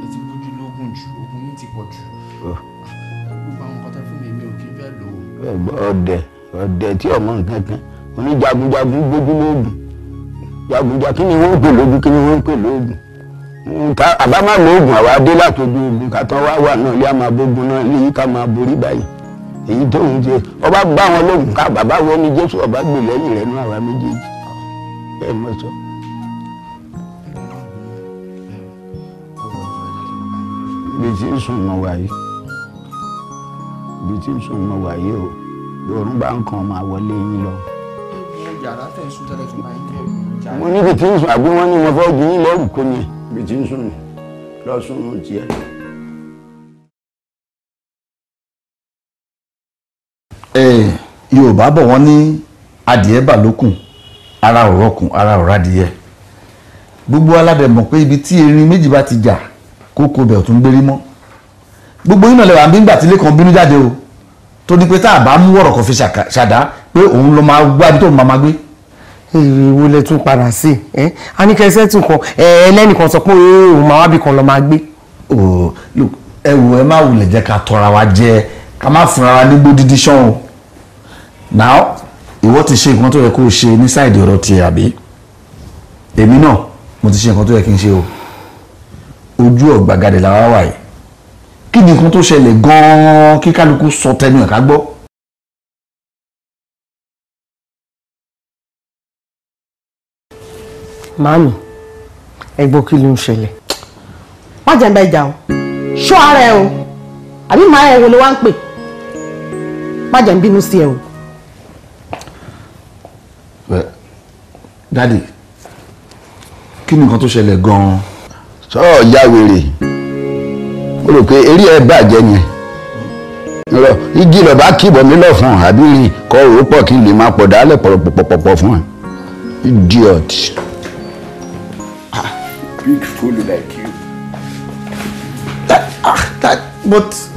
ẹ ti gbójú lóògùn jù oògùn yìí ti pọ̀ jù gbogbo àwọn kọ́tà fún mi mi ò kí fẹ́ lò ó. ọdẹ ọdẹ tí ọmọ nǹkan kan oníjagunjagun gbójú lóògùn jagunjagun kí ni wọ́n ń pè lóògùn kí ni wọ́n ń pè lóògùn nǹkan àbámá lóògùn àwa dé látọjú ogun kàtọ́ wá wà náà ilé àmà gbogbo náà ní yíká máa borí báyìí èyí tó ń ṣe ọba bá wọn lóògùn ká bàbá wọn ní jésù ọba gbè lẹ́yìn rẹ̀ nú àwa méjèèjì ẹ mọ̀ sọ. ibi ń sùn mọ́ wáyé ibi ń sùn mọ́ wáyé o lóòrùn bá ń kàn máa wọlé yín lọ. mo ní ibi ń sùn àbí wọ́n ní mo fọ́ ju yín lẹ́rù kó ni bí ti ń sùn ní lọ́sùn mú tiẹ̀. yorùbá bọ̀ wọ́n ní adìẹ bà lókùn ara ò rọkùn ara ò rádìẹ gbogbo aládẹ mọ̀ pé ibi tí erin méjì bá ti jà o tó ní a bá mú wọ̀rọ̀ kan fi ṣàdá pé òun ló ìwò lẹ tún padà sí ẹ a ní kẹsẹ tún kan ẹlẹ́nìkan sọ pé òun máa wábì kan lọ máa gbé. ẹ wò ẹ má wulẹ̀ jẹ́ ká tọ́ra wa jẹ ká má fúnra wa nígbó dídí sán o now ìwọ ti ṣe nǹkan tó yẹ kó o ṣe ní sáìdì ọ̀rọ̀ tiẹ̀ àbí èmi náà mo ti ṣe nǹkan tó yẹ kí n ṣe o ojú ọ̀gbàgàdì làwa wà yìí kí ni nǹkan tó ṣẹlẹ̀ gan-an kí kálukú sọ tẹnu ẹ̀ ká gbọ́ màámi ẹgbọ́n kí ló ń ṣẹlẹ̀. má jẹ́ ń bá ìjà o ṣọ́ ara ẹ o àbí màá ẹ wo ló wá ń pè má jẹ́ bínú sí ẹ o. dádì kí ni nǹkan tó ṣẹlẹ̀ gan-an. sọ́ọ̀ ya wèrè mo rò pé eré ẹ bàjẹ́ ni lọ igi lọ bá kíbọ̀ mi lọ fún àbí kọ́ òrópọ̀ kí n lè máa pọ̀ dálẹ̀ pọ̀pọ̀pọ̀ fún ẹ idiot. Big fool like you. That, ach, that, but.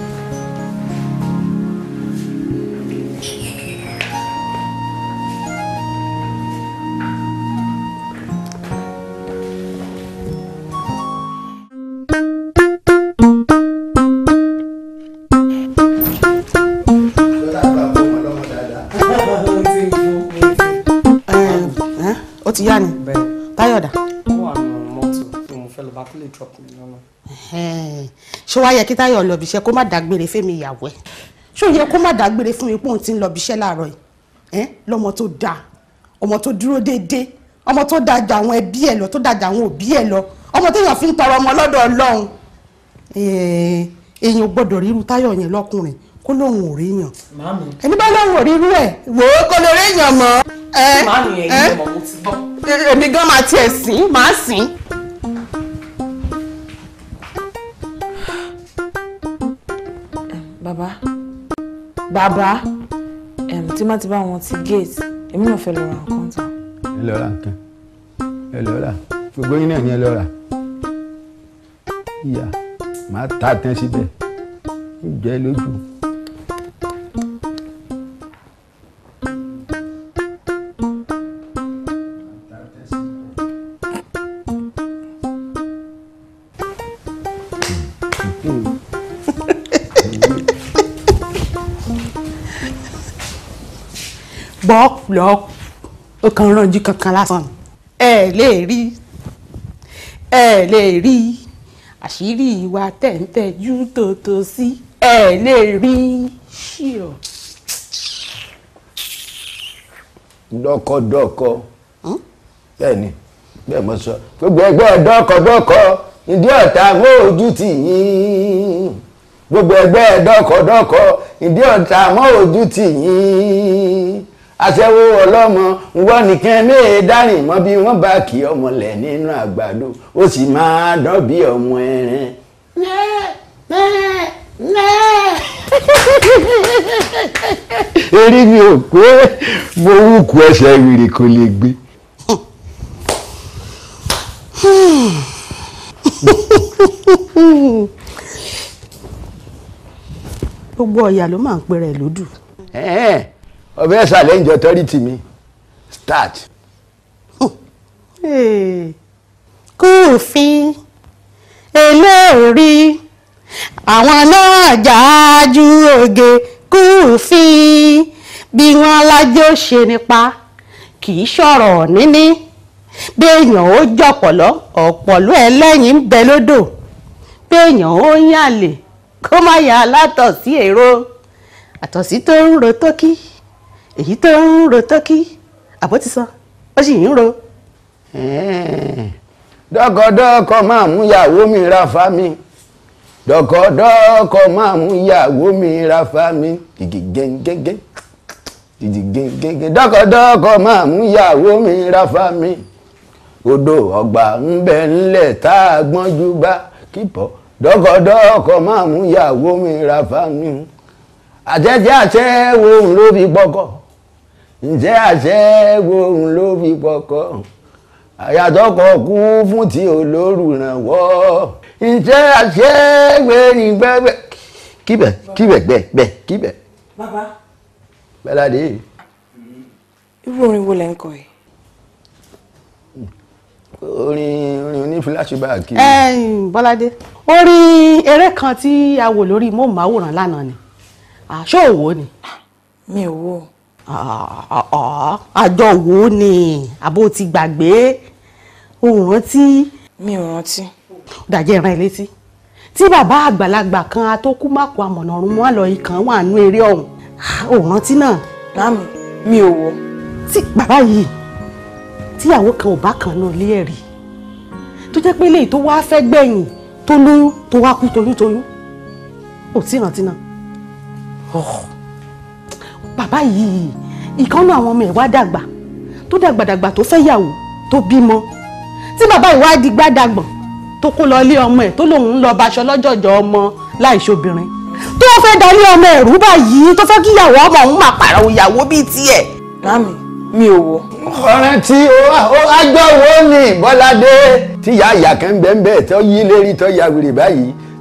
ṣé wàá yẹ kí táyọ̀ lọ bìṣẹ́ kó má dágbére fẹ́mi ìyàwó ẹ̀ ṣó yẹ kó má dágbére fún mi pé òun ti ń lọ bìṣẹ́ láàárọ̀ yìí lọ́mọ tó dáa ọmọ tó dúró déédéé ọmọ tó dájà àwọn ẹbí ẹ lọ tó dájà àwọn òbí ẹ lọ ọmọ téèyàn fi ń tọrọ ọmọ lọ́dọ̀ Ọlọ́run èèyàn gbọ́dọ̀ ríru táyọ̀ yẹn lọ́kùnrin kó lóun ò rí yàn ẹni bá lóun ò ríru ẹ̀ wò ó kó lè rí yàn mọ́ ẹ ẹ èmi gan máa tiẹ̀ sìn máa sìn. Baba, bàbá tí má ti bá wọn ti gate èmi náà fẹ́ lọ ra nǹkan tán. ẹ lọ ra nǹkan ẹ lọ ra gbogbo yín náà ni ẹ lọ ra ìyá màá ta àtẹ́ síbẹ̀ ń jẹ́ lójú. lọ́ọ̀lọ́ọ̀ ó kàn rànjú kankan lásán ẹ lè rí ẹ lè rí àṣírí ìwà tẹ̀ǹtẹ̀jú tòótọ́ sí ẹ lè rí ṣíọ. dọ́kọ̀dọ́kọ bẹ́ẹ̀ ni mo sọ gbogbo ẹgbẹ́ dọ́kọ̀dọ́kọ ìdí ọ̀tá mọ́ ojú tì yín gbogbo ẹgbẹ́ dọ́kọ̀dọ́kọ ìdí ọ̀tá mọ́ ojú tì yín. aṣẹ́wó ọlọ́mọ wọ́n nìkan méè dárìn mọ́ bí wọ́n bá kí ọmọ lẹ̀ nínú àgbàdo ó sì máa dán bí ọmọ ẹran. erí mi ò pé eh. mo wúkú ẹsẹ̀ wìrì kò lè gbé. gbogbo ọ̀yà ló máa ń pèrè lódù. ọbẹ̀ challenge authority mi start. Hmm. kúfin eléèrí àwọn náà jáájú oge kúfin bí wọn alájọ ṣe nípa kì í ṣọ̀rọ̀ níní béèyàn ó jọ̀pọ̀lọ́ ọ̀pọ̀lọ́ ẹlẹ́yìn ń bẹ lódò béèyàn ó yàn lè kó má yà á látọ̀ sí èrò àtọ̀sí tó ń ro tókì èyí tó ń ro tọ́kì àbọ̀ ti san ó sì ń ro. dọ́kọ̀dọ́kọ̀ máa mú ìyàwó mi ra fa mi dọ́kọ̀dọ́kọ̀ máa mú ìyàwó mi ra fa mi gègé gẹ́gẹ́ gègé gẹ́gẹ́ dọ́kọ̀dọ́kọ̀ máa mú ìyàwó mi ra fa mi odò ọgbà ń bẹ ńlẹ̀ tá a gbọ́n jù bá kíbọ̀ dọ́kọ̀dọ́kọ̀ máa mú ìyàwó mi ra fa mi àjẹjẹ àṣẹ wo ló fi ǹjẹ́ àṣẹ́gun ló fi pọkọ́ àyàtọ̀kọ̀ kú fún ti olóòrù ràn wọ́ ǹjẹ́ àṣẹ́gun ní gbẹ́gbẹ́ kíbẹ̀ kíbẹ̀ gbẹ̀ gbẹ̀ kíbẹ̀. bàbá. bẹ́ládé. irú orin wo lẹ ń kọ ẹ. orin orin oní fíláṣíbáàkì. ẹ bọ́ládé orin eré kan tí a wò lórí móhùnmáwòrán lánàá ni àṣọ òwò ni. mi ò wò ó àjọ wo ni àbó ti gbàgbé o rántí. mi ò rántí. ó dàjẹ́ ìran ẹ létí tí bàbá àgbàlagbà kan atókù mákò àmọ̀nàrún mọ́ àlọ́yìn kan wà nú eré ọ̀hún ò rántí náà. láàmú mi ò wọ. tí bàbá yìí tíyàwó kan ò bá kan náà lé ẹ̀rí tó jẹ́ pé léyìí tó wá fẹ́ gbẹ̀yìn tó lóyún tó wá kú toyúntoyún ò tí rántí náà. Oh bàbá yìí ìkànnà àwọn ọmọ ẹ̀ wá dàgbà tó dàgbàdàgbà tó fẹ́ yàwó tó bímọ tí bàbá yìí wá di gbádàgbọ̀n tó kó lọ ilé ọmọ ẹ̀ tó lòun ń lọ baṣọ lọ́jọ́jọ́ ọmọ láìṣobìnrin tó fẹ́ darí ọmọ ẹ̀rú báyìí tó fẹ́ kíyàwó ọmọ òun máa pààrọ̀ ìyàwó bíi tiẹ̀. Mami mi ò wọ. ọ̀rẹ́ tí ó agbọ́wọ́ ni Bọ́ládé tíyà àyà kan bẹ́ẹ̀ bẹ́ẹ̀ tó yí lérí tó ya wèrè báyìí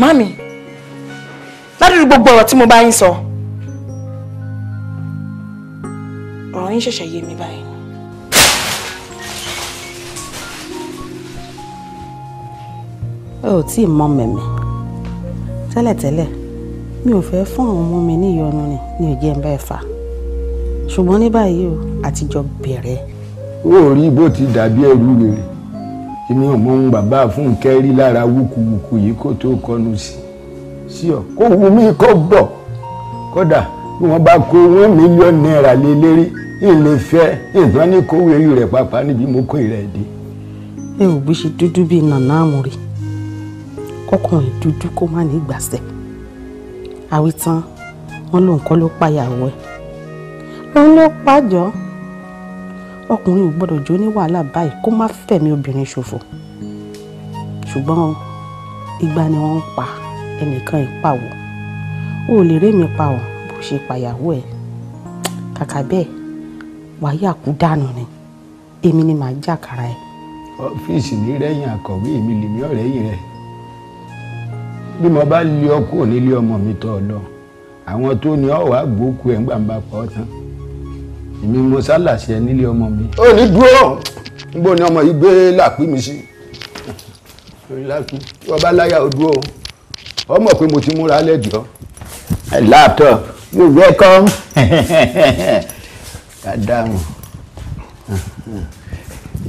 mami ládùúgbò gbogbo ọ̀rọ̀ tí mo bá yín sọ ọ̀rọ̀ yín ṣẹ̀ṣẹ̀ yé mi báyìí. ẹ ò tí ì mọ mẹ̀mẹ́ tẹ́lẹ̀tẹ́lẹ̀ mi ò fẹ́ fún àwọn ọmọ mi ní ìyọnu ni ní òjẹ́ ń bá ẹ fà ṣùgbọ́n ní báyìí o àtijọ́ bẹ̀rẹ̀. o rí bó ti dàbí ẹrú mi rè èmi ò mọ ohun bàbá Fúnkẹ́ rí lára wúkuwùku yìí kó tó kọnu sí sí ọ kó wù mí kó bọ̀ kódà bí wọ́n bá kó one million naira lé lérí ìlè fẹ́ ìtàn ní kówó eré rẹ̀ pàápàá níbi mo kó ìrẹ̀ dé. ẹ ò gbé ṣe dúdú bíi nànà àmúrí kọkùnrin dúdú kó má ní gbàsẹ àwítán wọn lòun kọ́ ló pàyàwó ẹ òun ló pàjọ ọkùnrin ò gbọ́dọ̀ jó ní wàhálà báyìí kó má fẹ̀mí obìnrin ṣòfò ṣùgbọ́n igba ni wọ́n ń pa ẹnìkan ìpàwọ̀ o ò lè rémi pa ọ́ bó ṣe pàyàwó ẹ̀ kàkà bẹ́ẹ̀ wàyí àkú dànù ni èmi ni màá jàkàrà ẹ̀. ọ́fíìsì ní rẹ́yìn àkọ́wé mi lèmi ọ̀rẹ́yìn rẹ̀ bí mo bá lé ọkọ nílé ọmọ mi tọ̀ ọ lọ àwọn tó ní ọ wàá gbókù ẹ̀ ń gbàǹbà pa ọ tán èmi mo sálàṣẹ nílé ọmọ mi. ó ní dúró níbo ni ọmọ yìí gbé làpí mi sí ọba láyà ó dúró ọmọ pé mo ti múra lẹ́jọ́. laptop you welcome kàdámù.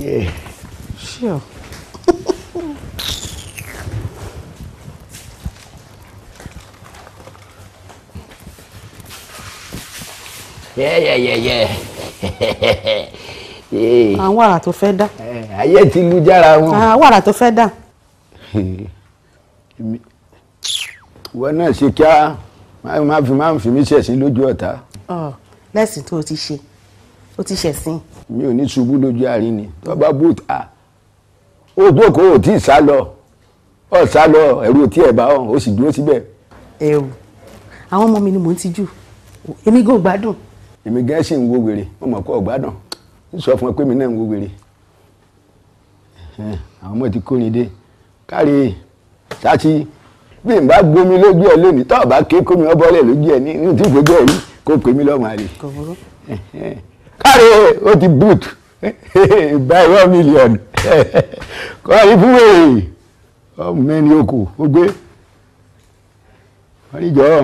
yeah. sure. àwọn àrà tó fẹ́ dà. Eh, ayé ti lu jára wọn. àwọn ah, àrà tó fẹ́ dà. wọn náà ṣe kí a máa fi máa fi mí ṣẹ̀sín lójú ọ̀tá. Oh, lẹ́sìn tó o ti ṣe o ti ṣẹ̀sín. mi ò ní ṣubú lójú àárín ni tó bá bù ta ó gbókò ó tí ì sá lọ ó sá lọ ẹ̀rù tí ẹ̀ bá ọ̀ ó sì dúró síbẹ̀. ẹ o àwọn ọmọ mi ni mò ń tijú èmi gò gbádùn èmi gẹ́gẹ́ sì ń wo wèrè mo mọ̀ kó ọ̀gbádùn ń sọ fún ọ pé mi náà ń wo wèrè àwọn ọmọ ti kórin dé káre sáti bí n bá gbomi lójú ẹ lónìí tó o bá ké kómi ọbọlẹ lójú ẹ ní ní tí gbogbo ẹ yìí kó pè mí lọ́mọ àlè káre ó ti boot báyìí one million kọ́ ẹ fún wèrè ọmọ mẹ́rin okò ó gbé wọ́n ní jọ̀ọ́.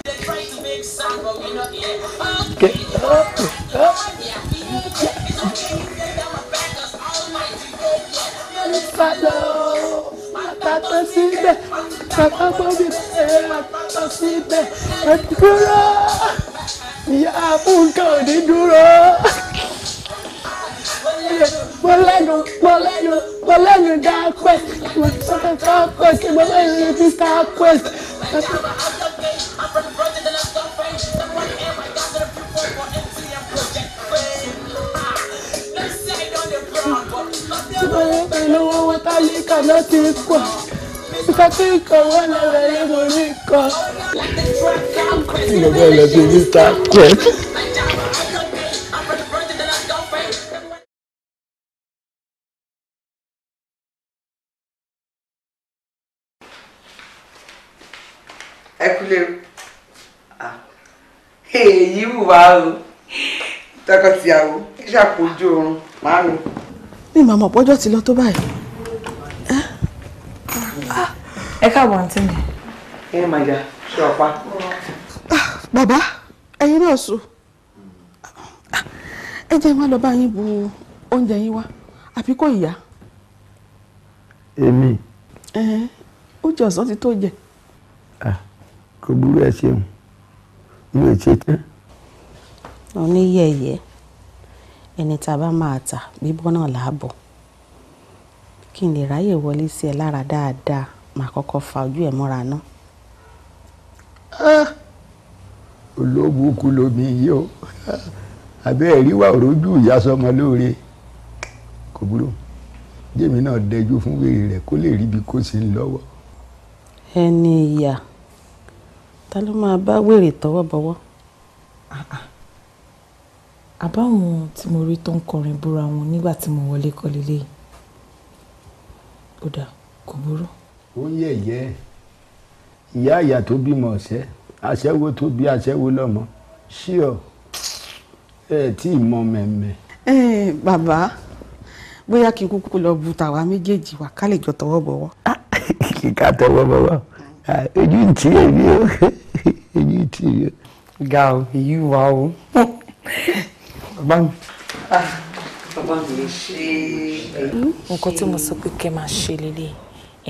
Get up, up. Follow. Matata sibe, kaka mo lẹ́nu mo da mo lẹ́nu dark west mo lẹ́nu dark west mo lẹ́nu ti pọ̀ ìka tí nǹkan wọn lọ́wọ́ ẹ̀ ẹkúlẹ̀ èyí wùwá o tọkọtìyàwó kí ṣàpọ̀jù oorun márùn. mi ti lọ tó ẹ káàbọ̀ àǹtí mi. ẹ máa yà ṣe ọ̀pá. bàbá ẹ̀yin náà sùn ẹ jẹ́ má lọ bá yín bu oúnjẹ yín ti kò burú ẹ ṣeun inú ẹ ṣe tán. oníyẹ̀yẹ́ ẹni tá a bá máa tà bíbọ́ náà láàbọ̀ kí n lè ráyè wọlé sí ẹ lára dáadáa màá kọ́kọ́ fa ojú ẹ mọ́ra náà. Ah! olóògùn kú lomi yìí o àbẹ́ ẹ̀rí wà òrójú ìyá sọmọ lóore kò burú jẹ́mi náà dẹjú fún wèrè rẹ̀ kó lè ríbi kó sì ń lọ́wọ́. ẹni ìyá ta ló máa bá wèrè tọwọ́ bọwọ́. Ah, ah. àbáwọn tí mo rí tó ń kọrin búra wọn nígbà tí mo wọlé kọ́ lélẹ̀ kódà kò burú. ó yẹ ìyẹ ìyá ìyá tó bímọ ọ̀sẹ́ aṣẹ́wó tó bí aṣẹ́wó lọ́mọ ṣí ọ ẹ tí ì mọ mẹ́mẹ́. ẹ bàbá bóyá kí n kúkú lọ bu tàwa méjèèjì wá ká lè jọ tọwọ́ bọ̀wọ́. Ah, kí ká tọwọ́ bọ̀wọ́. Ah, ojú ti èmi o ojú ti èmi o. ga o èyí wà o bàbá mi. Ah, bàbá mi lè ṣe é. nǹkan tí mo sọ pé kẹ́ máa ṣe lélẹ̀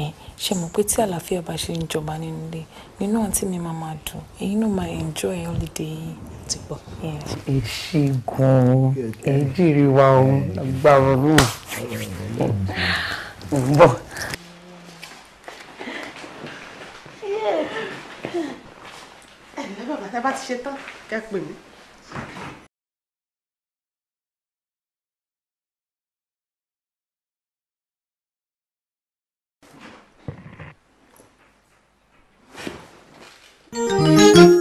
ẹ̀ ṣe mọ̀ pé tí àlàáfíà bá ṣe ń jọba nínú ilé nínú àǹtí mi máa máa dùn èyí náà máa enjoy holiday yìí ti pọ̀. ẹ ṣe gan-an ẹ jèrè wa o agbára bàbá tẹ bá ti ṣe thank you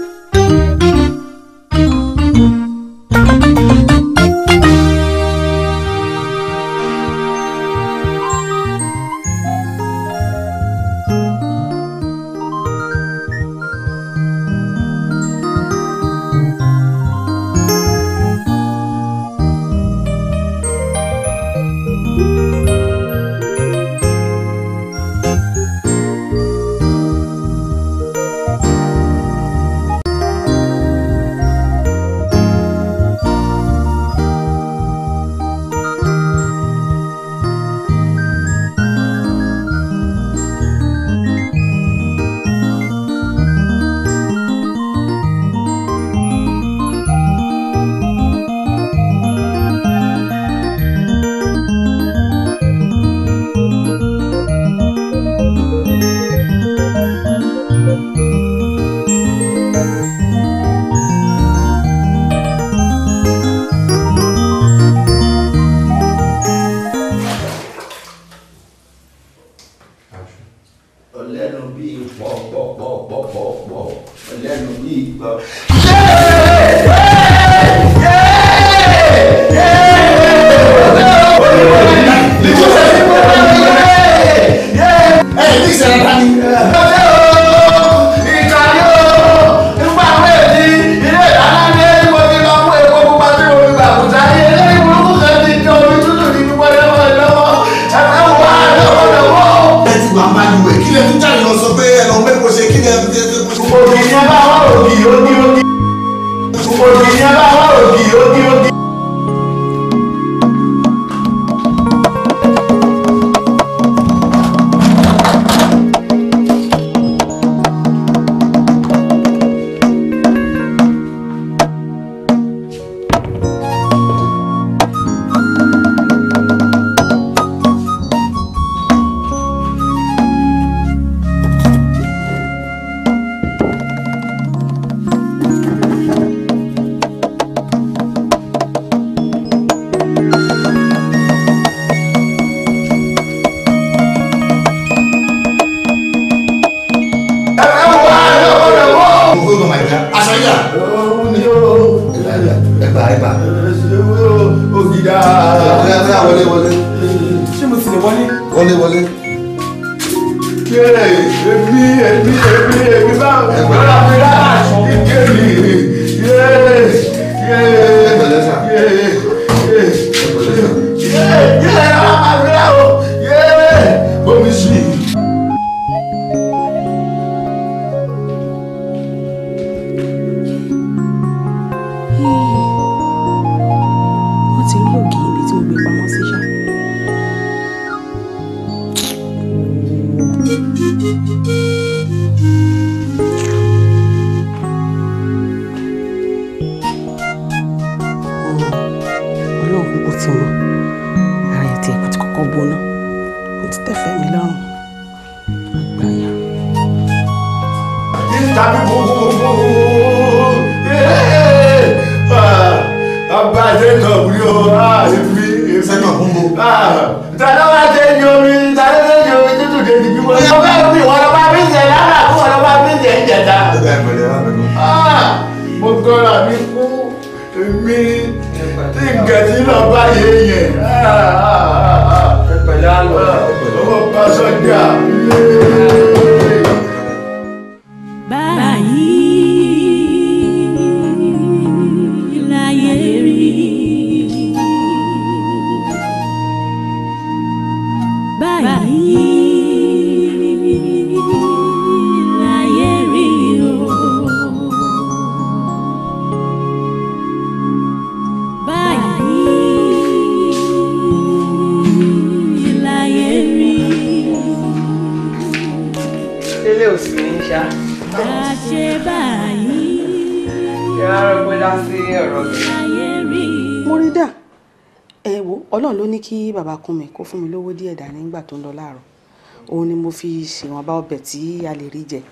ṣe wọn bá ọbẹ̀ tí a lè rí jẹ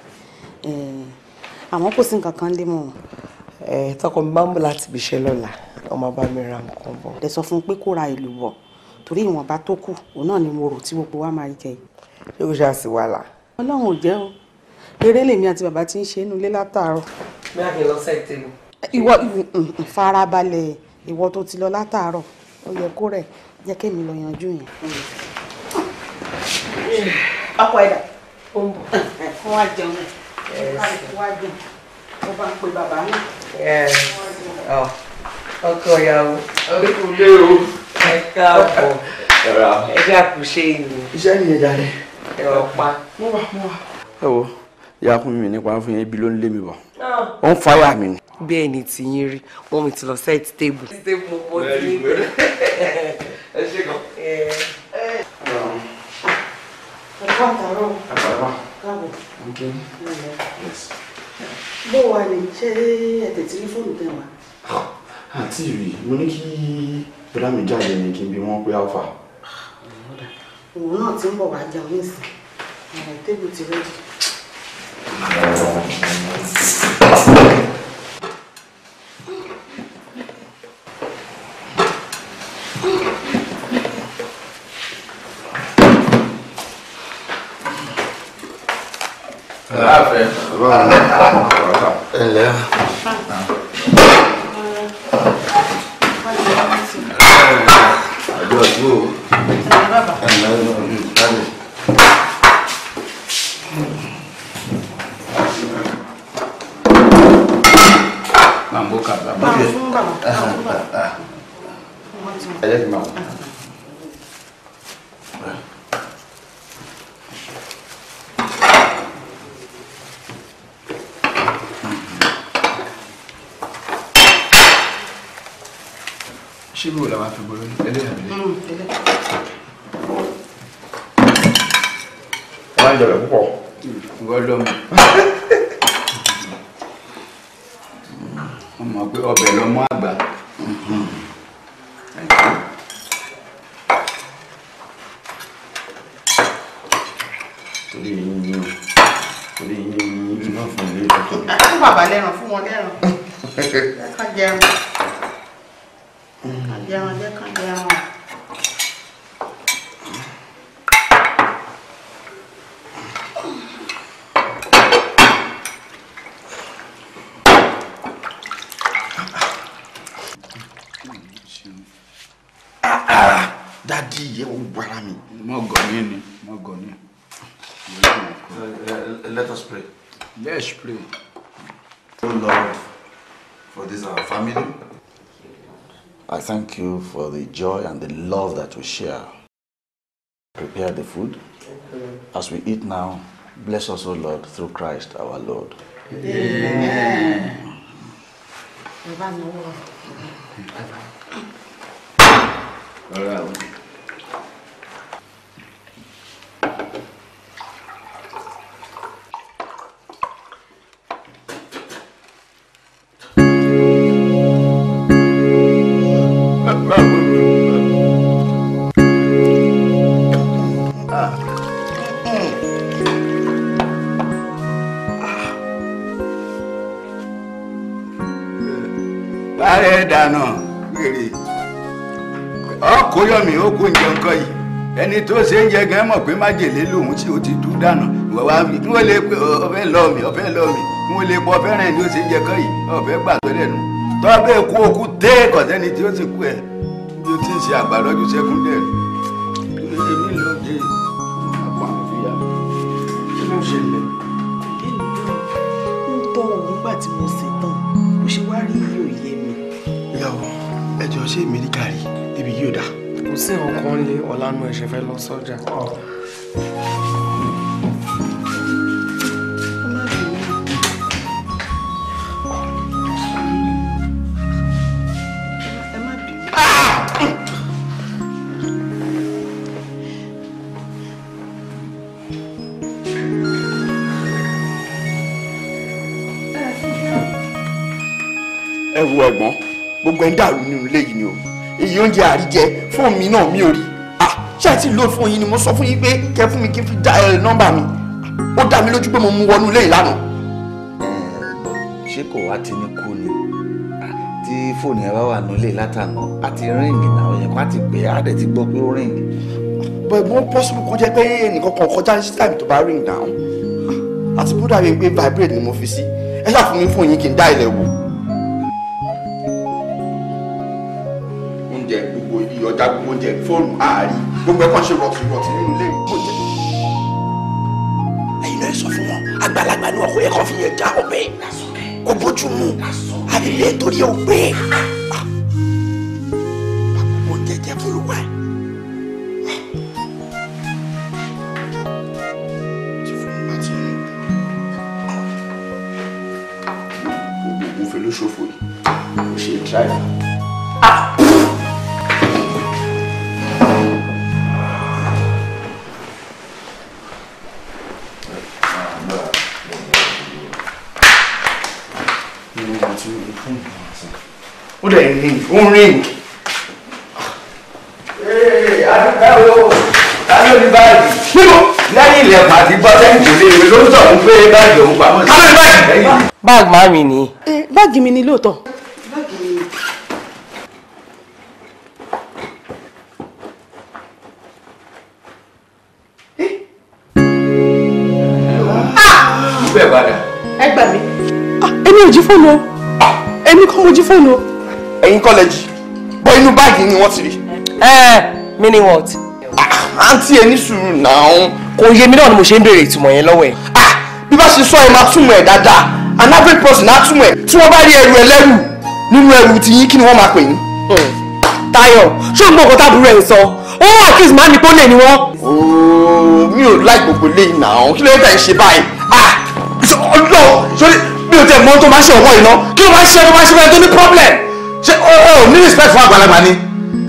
eh, àmọ́ kò sí nǹkan kan lé mọ́ ẹ eh, tọkọ mi máa ń bọ̀ láti ibi iṣẹ́ lọ́la ọmọ bá mi ra nǹkan bọ̀. ẹ sọ fún pé kó ra ìlú bọ̀ torí ìwọ̀nba tó kù òun náà ni mo rò tí gbogbo wa máa jẹ. ṣé kò ṣáà sí wàhálà. ọlọ́run ò jẹ́ o eré lèmi àti bàbá ti ń ṣe inú ilé látàárọ̀. bí a kì í lọ sẹ́ẹ̀ tẹ́lu. ìwọ mm, mm, farabalẹ̀ ìwọ tó ti lọ látàárọ̀ ó yẹ kó rẹ̀ jẹ́ kémi lọ yanjú yẹn. Hmm. ọkọ ẹ̀dá ó ń bọ̀ kó wá jẹun kó wá jẹun ó bá ń pe bàbá náà. ọkọ ìyàwó oríkùnlé o ẹ káàbọ̀ ẹ ṣàkóso ìlú. iṣẹ́ nìyẹn jáde. ẹ ọ̀pá. mo wà mo wà. ẹ wo ìyá mi nípa fún yẹn ibi ló ń lé mi bọ̀ ah. ó ń fáyà mi ni. bí ẹni tí rí wọn mi ti lọ set table. set table mo mọ ti ní. ẹ ṣe kàn. Eh. Um, ẹ ẹ. ẹ kọ́ àtàrà o bàbá. káàbọ̀ bó wà ní ṣé ẹ̀tẹ̀ tí fóònù tẹ̀ wá. àǹtí rí mo ní kí bọ́dá mi jáde ní kí n bí wọ́n pé alfa. òun náà ti ń bọ̀ wá jẹun nísìnyí àwọn tébù ti rẹ́jì. to share. Prepare the food. As we eat now, bless us, O Lord, through Christ our Lord. Amen. Amen. gbọ́rọ̀ mi ó kó ǹjẹ́ nǹkan yìí ẹni tó ṣe ń jẹ gan mọ̀ pé májèlé lòun tí ó ti dú dànù ìwọ wa mi kí wọ́n lè pe ọ̀fẹ́ lọ mi ọ̀fẹ́ lọ mi kí wọ́n lè pọ fẹ́ràn ẹni ó ṣe ń jẹ kán yìí ọ̀fẹ́ gbàgbọ́ lẹ́nu tọ́bẹ̀ kú okú dé kọ̀tẹ́ni tí ó ti kú ẹ̀ bí ó ti ń ṣe àgbàlọ́jú sẹ́kún dẹ̀ èmi ló dé àpò àwọn kí ló ṣẹlẹ̀. ń tọ́ òun nígbà tí mo ṣe mo ṣe wá rí iye òye mi. ìyàwó ẹjọ ṣé èmi rí sí ìwọ̀kan lé ọ̀lànà ẹ̀ṣẹ̀ fẹ́ lọ sọ́jà. ẹ wo ẹ̀gbọ́n gbogbo ẹ ń dàrú nínú ilé yìí ni o iye oúnjẹ àríjẹ fóònù mi náà mi ò rí ah ṣé àti lóòótọ́ fóònù yìí ni mo sọ fún yín pé kẹ fún mi kí n fi dá ẹ eh, nọ́mbà mi ó dá mi lójú pé mo mú wọnú ilé ìlànà. Eh, ṣé kò wá ti ní kú ni ah, tí fóònù ẹ bá wà nílé látànà àti ríǹgì náà yẹn kó àti pé àdẹ ti gbọ́ pé ó ríǹgì. bẹ́ẹ̀ mo possible kó jẹ́ pé ẹnìkan kan kọjá ní sítáìmù tó bá ríǹgì náà ah, àti bó dàbí pé vibrate ni mo fi sí ẹ ṣàfihàn fóònù yín kí n dá ilẹ̀ wò. fóònù ààrí gbogbo ẹ̀kọ́ ṣe rọ̀tì rọ̀tì nínú ilé ìwé. ẹ̀yin náà sọ fún wọn àgbàlagbà ni ọkọ yẹ kó fi yẹn já ọbẹ̀ kó bójú mu àbí bẹ́ẹ̀ torí ọgbẹ́. ń rìn. adúgbò tani ó ní báàgì. lẹ́yìn ilẹ̀kùn àti bọ́sẹ̀ǹtì léèrè ló ń sọ fún pé báàgì òun pamọ́ sí. kálọ̀ ní báàgì. báàgì máa mi ni. báàgì mi ni lóòótọ́. bẹ́ẹ̀ padà. ẹ gbà mí. Ah, èmi ò jí fóònù o èmi kọ́ mo jí fóònù o ẹ̀yin kọ́lẹ́jì bọ́ inú báàgì ni wọ́n ti rí. ẹ ẹ meaning what. Ah, àǹtí ẹ ní sùúrù náà. kò yé mi náà ni mo ṣe ń béèrè ìtumọ̀ yẹn lọ́wọ́ ẹ̀. Ah, bí bá ṣe sọ ẹ máa túmọ̀ ẹ̀ dáadáa an average person á túmọ̀ ẹ̀ tí wọ́n bá rí ẹrù ẹlẹ́rù nínú ẹrù ti yín kí ni wọ́n máa pè yín. Hmm. Táyọ̀ ṣé o mọ nǹkan tábùrú ẹ̀ sọ ó wà kí ìsìnmá ní pọ́nlẹ̀ ni wọ́n. mi ò láì gbogbo lé ìnà ọ̀hún kí ló dé ah, tẹ̀ ń ṣe báyìí. ọlọ́ọ̀ mi ò tẹ̀ mọ́ tó máa ṣe ọ̀wọ́ ìná kí ló máa ṣe ẹni máa ṣe fẹ́ tó ní problem ṣé o oh, ò oh, ní respect fún àgbàlagbà ni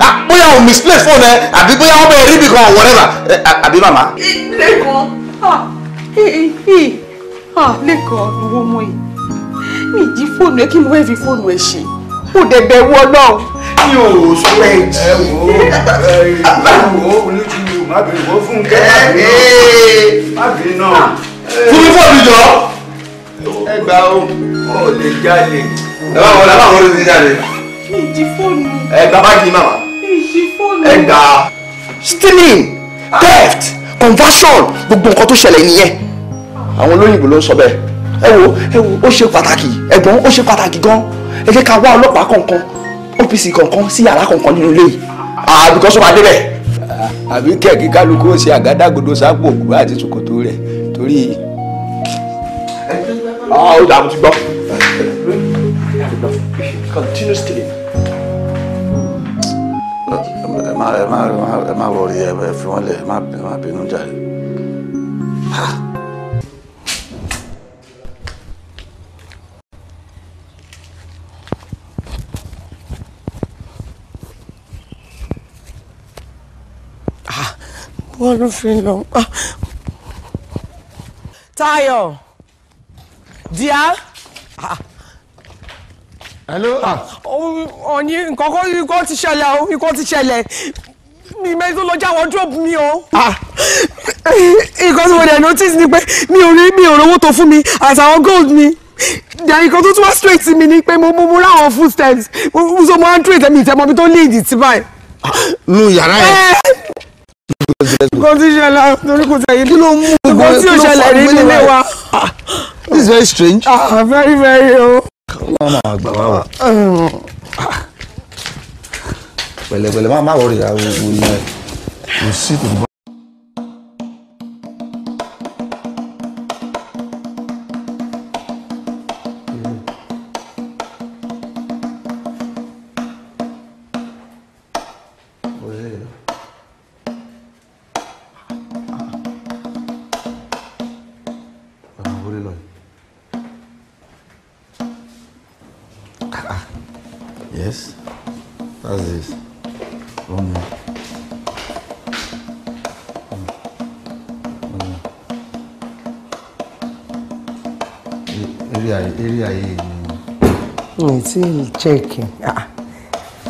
ah, bóyá o misplace fóònù ẹ àbí bóyá ọmọ ẹ ríbi kan whatever eh, àbí màmá. lẹ́kọ̀ọ́ ah, eh, eh, ah, lẹ́kọ̀ọ́ ìwọ ọmọ yìí mi jí fóònù ẹ kí ni wọ́n fi fóònù ẹ ṣe kò dẹ̀ bẹ̀ wọ náà. mi ò sọ ẹ jí ẹ wò ó ẹ wò ó oníjì mi ò má bẹ̀rẹ̀ wọ́n fún kẹ́ má bẹ̀rẹ̀ náà. fún mi fóònù jọ. ẹ gbà ó ò lè jáde. ẹ bá wọlé ẹ bá wọlé ti jáde ìjì fóònù. ẹ gba báàgì màmá. ìjì stealing theft conversion gbogbo nǹkan tó ṣẹlẹ̀ nìyẹn àwọn olóyìnbó ló ń sọ bẹ́ẹ̀ wo ẹ wo ó ṣe pàtàkì ẹ̀gbọ́n ó ṣe pàtàkì gan ẹ jẹ́ ká wá ọlọ́pàá kọ̀ọ̀kan OPC kọ̀ọ̀kan sí yàrá kọ̀ọ̀kan nínú ilé yìí àbíkọ sọ ma débẹ̀. àbí kẹ̀kí kálukú ó ṣe àgádágodo sápò òkú àti ṣòkòtò rẹ̀ torí. Ah, ó dààmú ti gbọ́. continue stealing má ẹ má ẹ má wọrí ẹ fi wọ́n lẹ̀ ẹ má bínú jàre. Ah, wọ́n ló fi lọ pa. dia ah hello ah. Oh, ọ̀ni nǹkan kan ti ṣẹlẹ̀ o ti ṣẹlẹ̀ mi mẹ́rin tó lọ já wardrobe mi o. Ah. nǹkan tí mo dẹ̀ notice ni pé mi ò rí mi ò rówó tó fún mi àtàwọn gold mi dẹ̀yìn kan tó tún wá straight mi ni pé mo mú ráwọn footsteps mo so mo á ń tún ìtẹ́mi ìtẹ́mọ tó lead ti báyìí. Ah, nu yàrá yẹn. Eh. nǹkan tí ìṣẹ̀lẹ̀ torí kò tẹ̀yìn kí ló mú un gbọ́n kí ló fọ́ mi wa. Ah, this is very strange. very very o. Oh wọ́n máa gbà wá o pẹ̀lẹ́pẹ̀lẹ́ máa máa wọrí àwọn òun náà kò sí kò bá. ṣẹ́ẹ̀kì ah,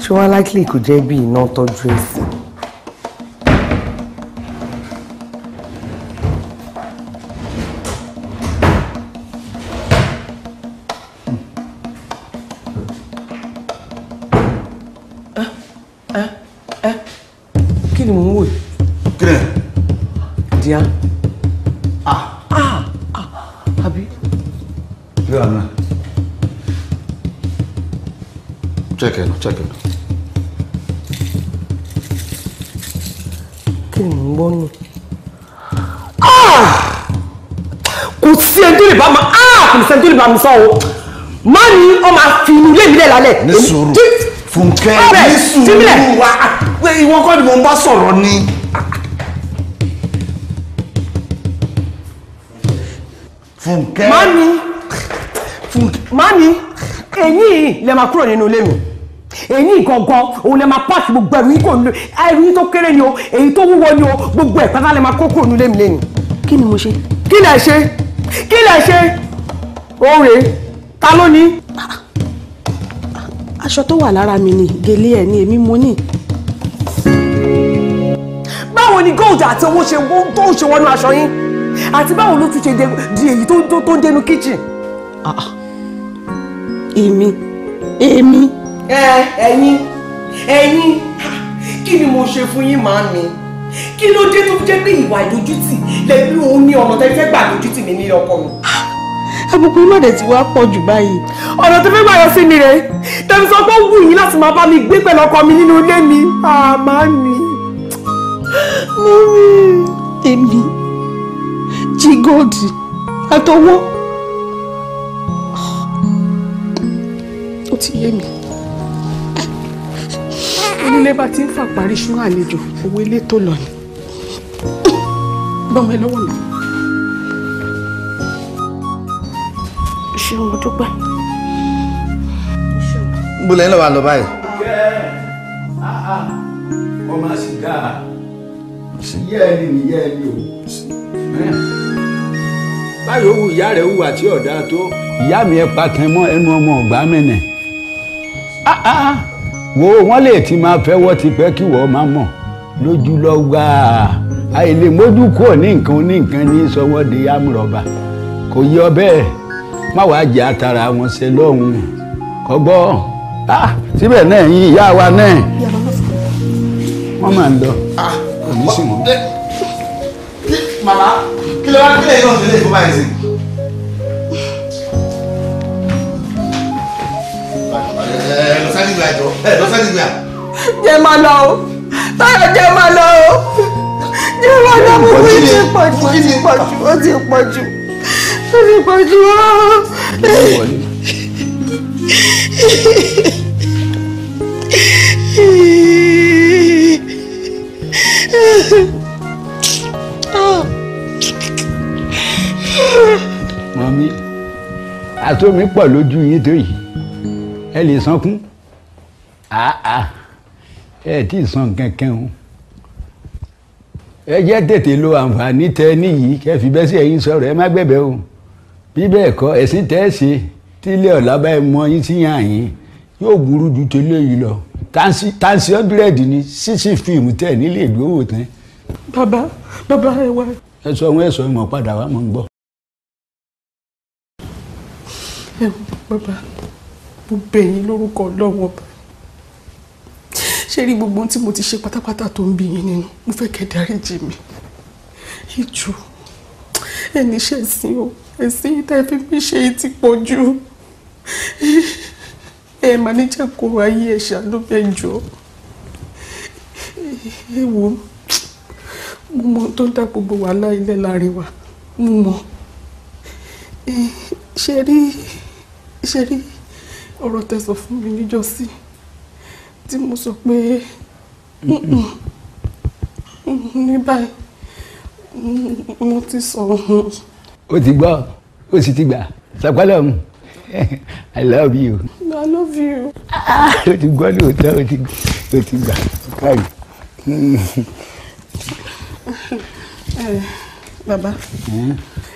ṣé wọ́n likely kò jẹ́ bí iná tọ́jú ẹ̀sìn. mi sọ o má ní ọ máa fi inú ilé mi lẹ̀ lálẹ́. ní sùúrù fúnkẹ́ ní sùúrù wa pé ìwọ kọ́ ni mo ń bá sọ̀rọ̀ ni. fúnkẹ́ má ní má ní ẹ̀yìn lè máa kúrò nínú ilé mi èyí gangan òun lè máa pàṣẹ gbogbo ẹrù yìí kò ní ẹrù yìí tó kéré ni o èyí tó wúwo ni o gbogbo ẹ̀ pátá lè máa kó kúrò nílé lẹ́yìn. kí ni mo ṣe. kí lẹ ṣe kí lẹ ṣe òòrè ta ló ní. aṣọ tó wà lára mi ni gèlè ẹ̀ ni èmi mo ní. báwo ni gold àti owó ṣe tó ń ṣe wọnú aṣọ yín àti báwo ló tún ṣe di èyí tó ń dénú kitchen. Ah, ah. èmi èmi. ẹ ẹ̀yin ẹ̀yin kí ni mo ṣe fún yín màámi kí ló dé tó jẹ́ pé ìwà ìdójútì lẹ́nu òun ní ọ̀nà tẹ́ fẹ́ gbà lójútì mi nílé ọkọ mi. Ah, àbùkù yìí má dẹ̀ ti wá pọ̀ jù báyìí. ọ̀nà tó fẹ́ gbàyọ sí mi rẹ̀ tẹ̀mí sọ pé ó wù yín láti máa bá mi gbé pẹ̀lú ọkọ mi nínú ilé mi. àmà mi mú mi. èmi jí góòdì àtọwọ́ ó ti yé mi onílé bá ti ń fà parí ṣúná àlejò owó ilé tó lọ ni bọ́mọ ẹ lọ́wọ́ mi. ṣé mo dúpẹ́. bùlẹ̀ ń lọ wa lọ báyìí. kẹ́ ah, ah, ọmọ sìgá ìyá ẹni nìyá ẹni o. báyọ̀ wù ìyá rẹ̀ wù àti ọ̀dà tó. ìyá mi ẹ pa kẹmọ ẹnu ọmọ ọgbà mẹ́nẹ̀. Ah, wo wọ́n lè ti máa fẹ́ wọ́n ti fẹ́ kí wọ́n máa mọ̀ lójú lọ́gbà àìlèmójú kúrò ní nǹkan ní nǹkan ní sọ́wọ́ amúrọ̀bà kò yọ bẹ́ẹ̀ má wàá jẹ́ àtàrà wọn ṣe lọ́hùn kọ́gbọ́ síbẹ̀ náà yín ìyá wa náà wọ́n máa ń lọ òní sí wọn. màmá kí ló wá kílẹ̀ yóò nílé ìfowópamọ́ ẹ̀sìn. jẹ́ máa lọ o táyọ̀ jẹ́ máa lọ o jẹ́ máa lọ o ti pọ̀ jù ti pọ̀ jù ti pọ̀ ẹ̀rù pàjù wá. mọ̀mí àtọ́mi pọ̀ lójú yín tó yìí ẹ lè sankún àá ẹ tí ì san kankan o ẹ jẹ́ tètè lo àǹfààní tẹ níyì kẹ́ fi bẹ́sẹ̀ yín sọ̀rọ̀ ẹ má gbẹ̀bẹ̀ o bí bẹ́ẹ̀ kọ́ ẹ̀sìn tẹ́ẹ̀sì tílé ọ̀làbá ẹ̀ mọ yín síyàn yín yóò burú ju tẹ́lẹ̀ yìí lọ tansi hundred ni sisi fíìmù tẹ̀ nílé ìgbówó tán. bàbá bàbá ẹ wá. ẹ sọ wọn ẹ sọ ìmọ̀ padà wá mọ̀ ń gbọ́. ẹ wò bàbá mo bẹ̀ yín lórúkọ ọlọ́wọ́ bá ṣe rí gbogbo ohun tí mo ti ṣe pátápátá tó ń bí yín nínú mo fẹ́ kẹ́ dáríjì mi ìjù ẹni ṣẹ̀sìn o ẹ̀sìn yìí tẹ́ fi mí ṣe ti pọ̀ jù ẹ máa ní jẹ́ kó ayé ẹ̀ ṣàlùbẹ̀jọ ẹ wò mo mọ tó ń dá gbogbo wàhálà ilẹ̀ láàrin wa mo mọ ṣe rí ṣe rí ọ̀rọ̀ tẹ́ fún mi níjọ́sí tí mo sọ pé ní báyìí mo ti sọ. ó ti gbọ́ ó sì ti gbà sọpọlọ mu i love you. i love you. o ah, ti gbọ́ lóòótọ́ o ti gbà káyì. Eh, bàbá hmm?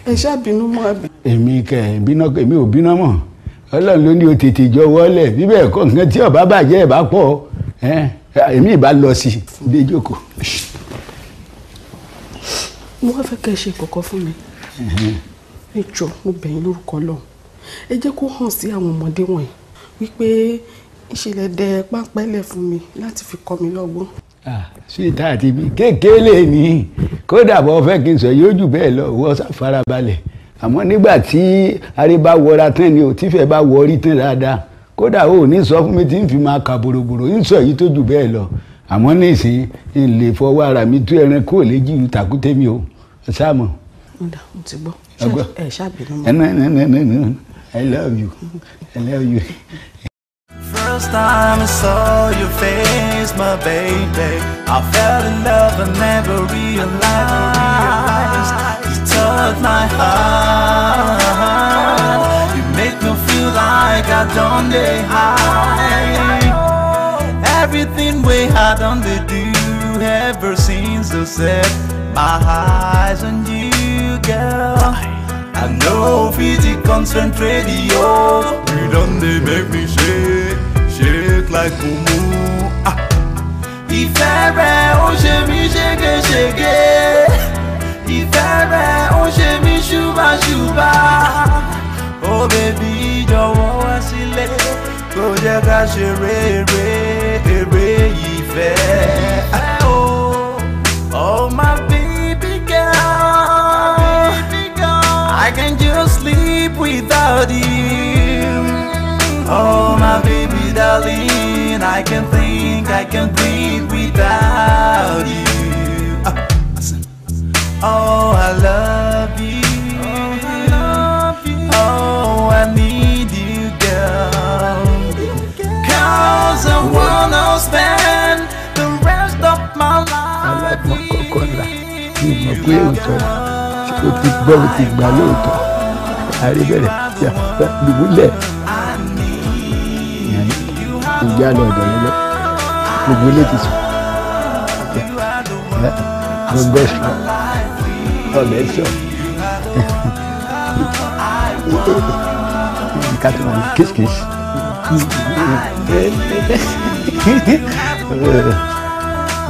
ẹ ṣàbínú mọ́ àbí. èmi kẹ èmi ò bínú mọ́ ọlọ́run ló ní o tètè jọ wọlé bí bẹ́ẹ̀ kọ́ nǹkan tí ọba bàjẹ́ ìbá pọ̀ èmi ìbá lọ sí i dé jókòó. mo wá fẹ́ kẹ́ ṣe kọ̀kọ́ fún mi ẹ jọ mo bẹ̀ yín lórúkọ lọ́hùn ẹ jẹ́ kó hàn sí àwọn ọmọdé wọ̀nyí wípé ìṣẹ̀lẹ̀ dẹ pápẹ́lẹ̀ fún mi láti fi kọ́ mi lọ́gbọ́n. ṣé tá a ti bí kékeré ni kódà bọ́ fẹ́ kí n sọ yóò jù bẹ́ẹ̀ lọ wọ́n sá farabalẹ̀ àmọ́ nígbà tí aré bá wọra tán ni ò tífẹ̀ bá wọrí tán dáadáa kódà o ò ní sọ fún mi tí n fi máa kà bòròbòrò ń sọ yìí tó jù bẹ́ẹ̀ lọ àmọ́ nísìn n lè fọwọ́ ara mi tú ẹran kúrò léjì ìlú o ṣáà mọ̀. i love you i love you. First time I saw your face, my baby. I fell in love and never realized. You touched my heart. You make me feel like I don't need high. Everything we had on the do ever since I set my eyes on you, girl. I know you concentrate yo don't. they make me shake, shake like Kumu ah. If fait vrai, oh she mis, j'ai shake, j'ai gay Il fait vrai, oh j'ai me chouba chouba Oh baby, don't want to see it Go jaga, j'ai ré, ré, ré, il fait without you. Oh, my baby darling, I can think, I can breathe without you. Ah, oh, I love you. Oh, I need you, girl. Cause I wanna spend the rest of my life. Alágbọ̀n kọ̀ọ̀kan sáré bẹ̀rẹ̀ yàtọ̀ dùbúlẹ̀ ìjà lọ ọ̀dọ̀ lọ́lọ́ gbogbo ti sùn gbogbo ẹ̀sọ́ ọ̀lẹ́ ẹ̀sọ́ nǹkan tó wà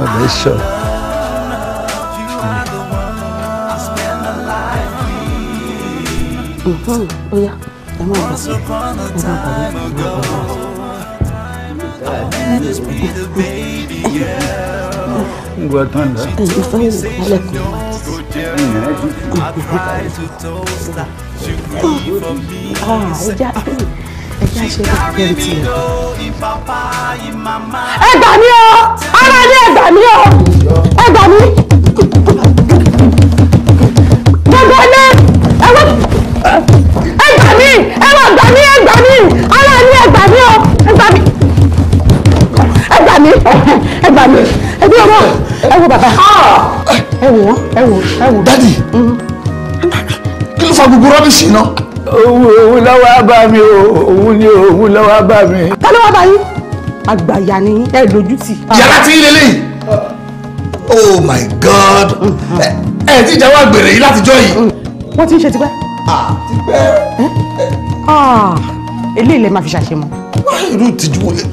ọ̀lẹ́ ẹ̀sọ́. ó yá ẹ má bà sí ẹ má bà mí ẹ má bà mí. Ngo tanda. Ifeanyi alẹkùn. Ẹja ẹja ṣe ẹgbẹ́ ti rẹ̀. Ẹ gbà mí o! Ara ni ẹ gbà mí o! Ẹ gbà mí! ẹ wá gbà mí ẹ mí ara mi mí o ẹ mí ẹ mí ẹ mí ẹ ọmọ ẹ bàbá ah! ẹ wò wọn dadi kí ló fa gbogbo rọ́bìsì náà. òun òun lọ́wọ́ á bá mi o òun ni òun lọ́wọ́ á bá mi. ta ló bá yín àgbàyà ni ẹ lójú tì. yàrá tí ń lélẹ́yìn oh my god mm-hmm. ẹ ẹ ti jáwọ́ àgbèrè yìí látijọ́ yìí. Mm-hmm. wọ́n ti ń ṣe tipẹ́ àti pé. Ah, eléyìí lè máa fi ṣàṣemọ. irú ìtìjú wo lè.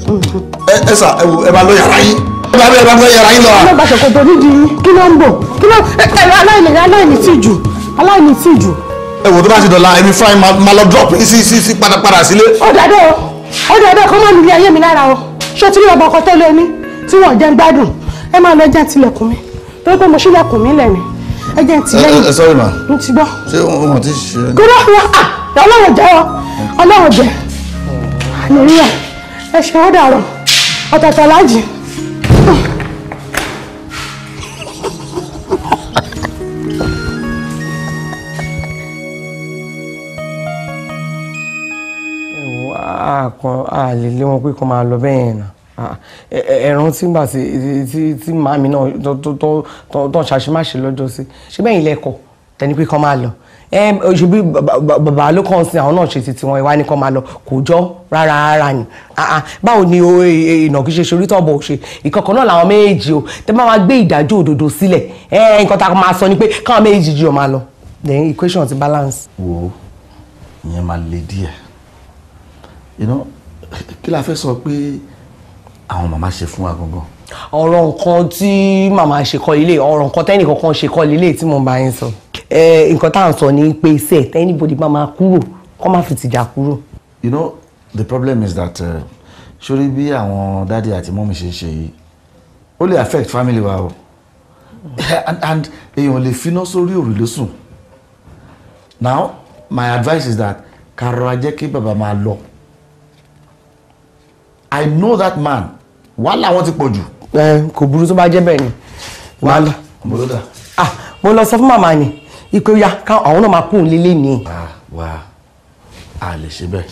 ẹ sà ẹ wo ẹ bá lọ yàrá yín ẹ bá ẹ bá lọ yàrá yín lọ. ẹ bá ṣòkòtò nídìí kí ló ń bọ̀ kí ló ẹ aláìní aláìní tìjú aláìní tìjú. ẹ wo tó bá ti dọ̀la èmi fúnra mi máa lọ drop sí sí sí padàpadà sílé. ọ̀dàdọ̀ ọ̀dàdọ̀ kọ́ máa nílé ayé mi lára o ṣé o ti rí ọmọ ọkọ tẹ́lẹ̀ ní tí wọ́n jẹ́ ń gbádùn ẹ máa lọ jẹ́ àtìlẹ̀kùn mi torí pé mo ṣílẹ̀kùn mi lẹ́nu ẹ jẹ́ ti lẹ́yìn. ẹ sọ́rí ma. n ti gbọ́. ṣé o mọ̀ tí ṣe. kúrò wá ọlọ́run jẹ́ ọ ọlọ́run jẹ́ àlèríyà ẹ ṣe wọ́n dàrọ̀ ọ̀tọ̀ọ̀tọ̀ lájì. àkàn àlè lé wọn pé kó máa lọ bẹ́ẹ̀ náà. Ah, ẹ̀ràn tí ń bà sí tí tí màmí náà tó tó tó ṣàṣemáṣe lọ́jọ́ sí ṣé bẹ́ẹ̀ ilé ẹ̀kọ́ tẹ́ni pé kán máa lọ ṣe bí bàbá ló kàn sí àwọn náà ṣe ti tiwọn ìwà nìkan máa lọ kò jọ rárá rárá ni ah, ah, báwo ni e, e, ìnàkí ṣe ṣorí tọ́bọ̀ ṣe ìkọ̀kọ̀ náà làwọn méjèèjì o tẹ́ bá máa gbé ìdájọ́ òdodo sílẹ̀ nǹkan tá a máa sọ ni pé káwọn méjèèjì jọ máa lọ then equation ti balance. wo ìyẹn máa le díẹ̀ kí la fẹ́ sọ pé àwọn màmá ṣe fún wa gangan. ọ̀rọ̀ nǹkan tí màmá ṣe kọ́ ilé ọ̀rọ̀ nǹkan tẹ́nì kankan ṣe kọ́ ilé tí mo bá yín sọ nǹkan tá à ń sọ ni pé iṣẹ́ tẹ́nìbọ̀dì máa máa kúrò kọ́ máa fi tìjà kúrò. you know the problem is that uh, sórí bí àwọn dáàdi àti mọ́mí ṣe ń ṣe yìí ó lè affect family wa o and èèyàn lè finá sórí òrùlé sùn now my advice is that ká rọra jẹ́ kí bàbá máa lọ i know that man wàhálà wọn ti pọ̀ jù. ẹ kò burú tó bá jẹ́ bẹ́ẹ̀ ni wàhálà. mo lọ dà. ah mo lọ sọ fún màmá ni ìpè ya ká àwọn náà máa kú òun lélẹ̀ ni. Ah, wà á lè ṣe bẹ́ẹ̀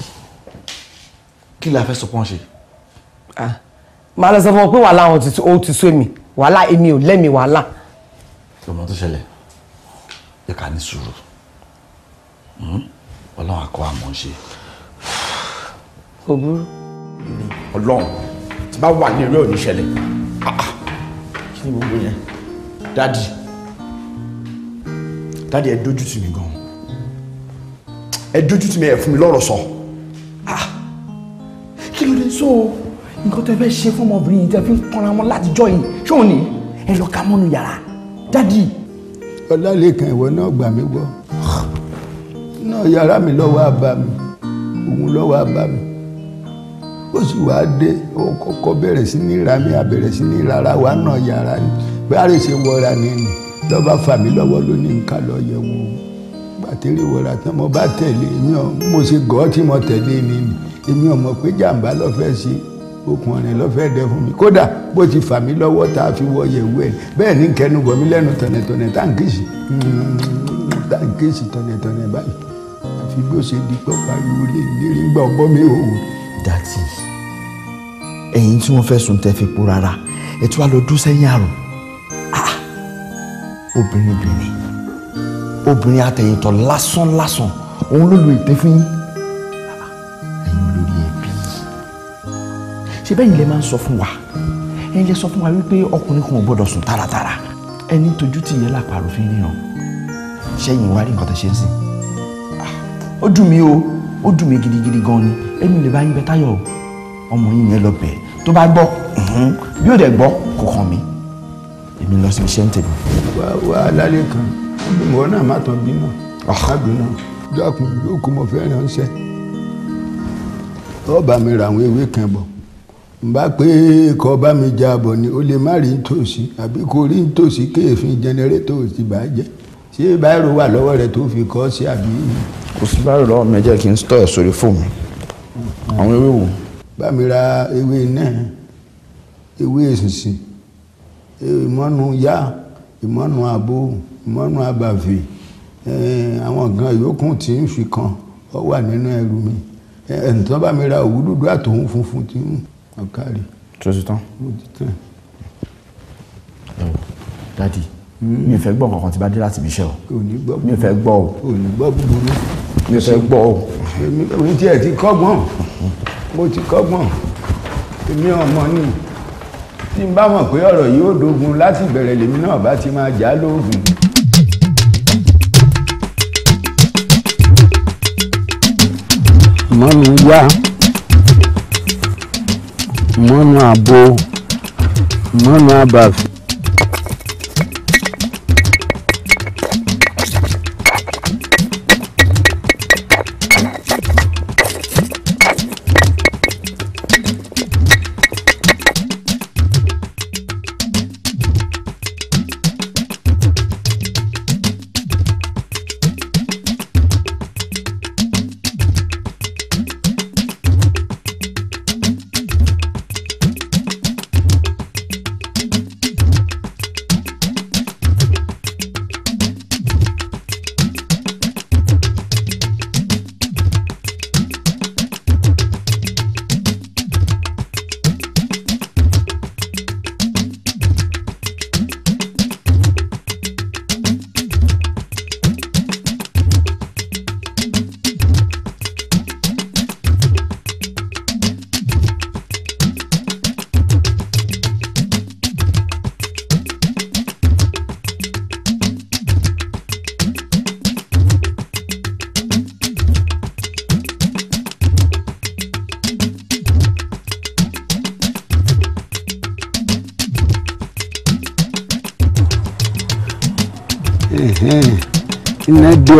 kí la fẹ́ sọ pọ́n ṣe. Ah, màá lọ sọ fún ọ pé wàhálà wọn ò ti so èmi wàhálà èmi ò lẹ́mi wàhálà. ọmọ tó ṣẹlẹ̀ ẹ ká ní sùúrù hmm? ọlọ́run àkọ́ àmọ́ ṣe. kò burú. ọlọ́run bá wà ní eré òní ṣẹlẹ̀ ah, ah. kí ni gbogbo yẹn dádì dádì ẹ dójú tì mí gan ẹ dójú tì mí ẹ fún mi lọ́rọ̀ sọ ah. kí ló dé so nǹkan tó ẹ fẹ́ ṣe fún ọmọbìnrin yìí tẹ fi ń kanra wọn látijọ́ yìí ṣé òun ni ẹ lọ ka mọ́nu yàrá dádì. ọlálẹ́kan ìwọ náà gbà mí gbọ́ náà yàrá mi lọ́wọ́ àbá mi òun lọ́wọ́ àbá mi ó sì wá dé ó kọ́kọ́ bẹ̀rẹ̀ sí ní ra mi àbẹ̀rẹ̀ sí ní rárá wa náà yàrá ni bí a lè ṣe wọra ni ni lọ́ba fà mí lọ́wọ́ ló ní lọ yẹ gbàtẹ́rẹ́ wọra tán mo bá tẹ̀lé mi ò mo ṣe gọ́ tí mo tẹ̀lé ni ni èmi ò mọ̀ pé jàǹbá lọ́fẹ́ ṣe okùn ọ̀rìn lọ́fẹ́ dẹ fún mi kódà bó ti fà mí lọ́wọ́ tá a fi wọ yẹ̀wò ẹ̀ bẹ́ẹ̀ ní kẹnu bọ̀ mí lẹ́nu tọ̀nẹ̀tọ̀nẹ̀ táǹkìsì táǹkìsì tọ̀nẹ̀tọ̀nẹ̀ báyìí àfi bí ó ṣe di pọ́ pariwo lè ní rí gbà mi òwò dàtì ẹ̀yin tí wọ́n fẹ́ sùn tẹ́ fi po rárá ẹ tí wàá lọ dún sẹ́yìn àrùn ah, obìnrin obìnrin obìnrin àtẹ̀yìntọ̀ lásán lásán òun ló lu ète fún yín ah, ẹ̀yin olórí ẹbí ṣé bẹ́ẹ̀ ni lè máa ń sọ fún wa ẹ̀yin lè sọ fún wa wípé ọkùnrin kan ò gbọ́dọ̀ sùn tààràtààrà ẹni tójú tì yẹ lápá àròfin ríran ṣẹ́yìn wá rí nǹkan tó ṣe ń sìn ah, ó dùn mí o ó dùn mí gidigidi gan ni èmi lè bá yín bẹ táyọ̀ ọmọ yín yẹn lọ bẹ̀ tó bá gbọ́ bí ó dẹ̀ gbọ́ kò kàn mí èmi lọ sí iṣẹ́ ń tèmi. wà wà á lálẹ́ kan ìwọ náà má tán bí náà ọ̀hádùn náà dákun yóò kó mọ fẹ́ ránṣẹ́ ọba mi ra àwọn ewé kan bọ̀ bá pé kọ́ bá mi jà bọ̀ ni ó lè má rí nítòsí àbí kò rí nítòsí kéèfin jẹnẹrétọ̀ ti bàá jẹ́ ṣé báyìí wà lọ́wọ́ rẹ tó fi kọ́ sí àbí. kò sí báyìí lọ́wọ́ mi jẹ́ kí n stọ̀ ẹ̀ sórí fóònù àwọn ewé wo. bá mi ra ewé náà ewé èsìsì ìmọ̀nù yá ìmọ̀nù àbò ìmọ̀nù àbàfẹ́ àwọn nǹkan ìyókù tí ń fi kan ọ wà nínú ẹrù mi ẹ̀ǹtọ́ bá mi ra òwú dúdú àtòun funfun tí ń ọ̀kárí. tó ti tán. ó ti tán. ẹ wò dádì mi ò fẹ́ gbọ́ nǹkan kan tí bá dé láti ibi iṣẹ́ o mi ò fẹ́ gbọ́ o. ò ní gbọ́ búburú mi fẹ́ gbọ́ o. èmi tiẹ̀ ti kọ́gbọ́n mo ti kọ́gbọ́n èmi ọmọ ni tí n bá mọ̀ pé ọ̀rọ̀ yìí ó dogun láti bẹ̀rẹ̀ lèmi náà bá ti máa jà lóògùn. mọ́nu yá mọ́nu àbò mọ́nu abàfẹ́.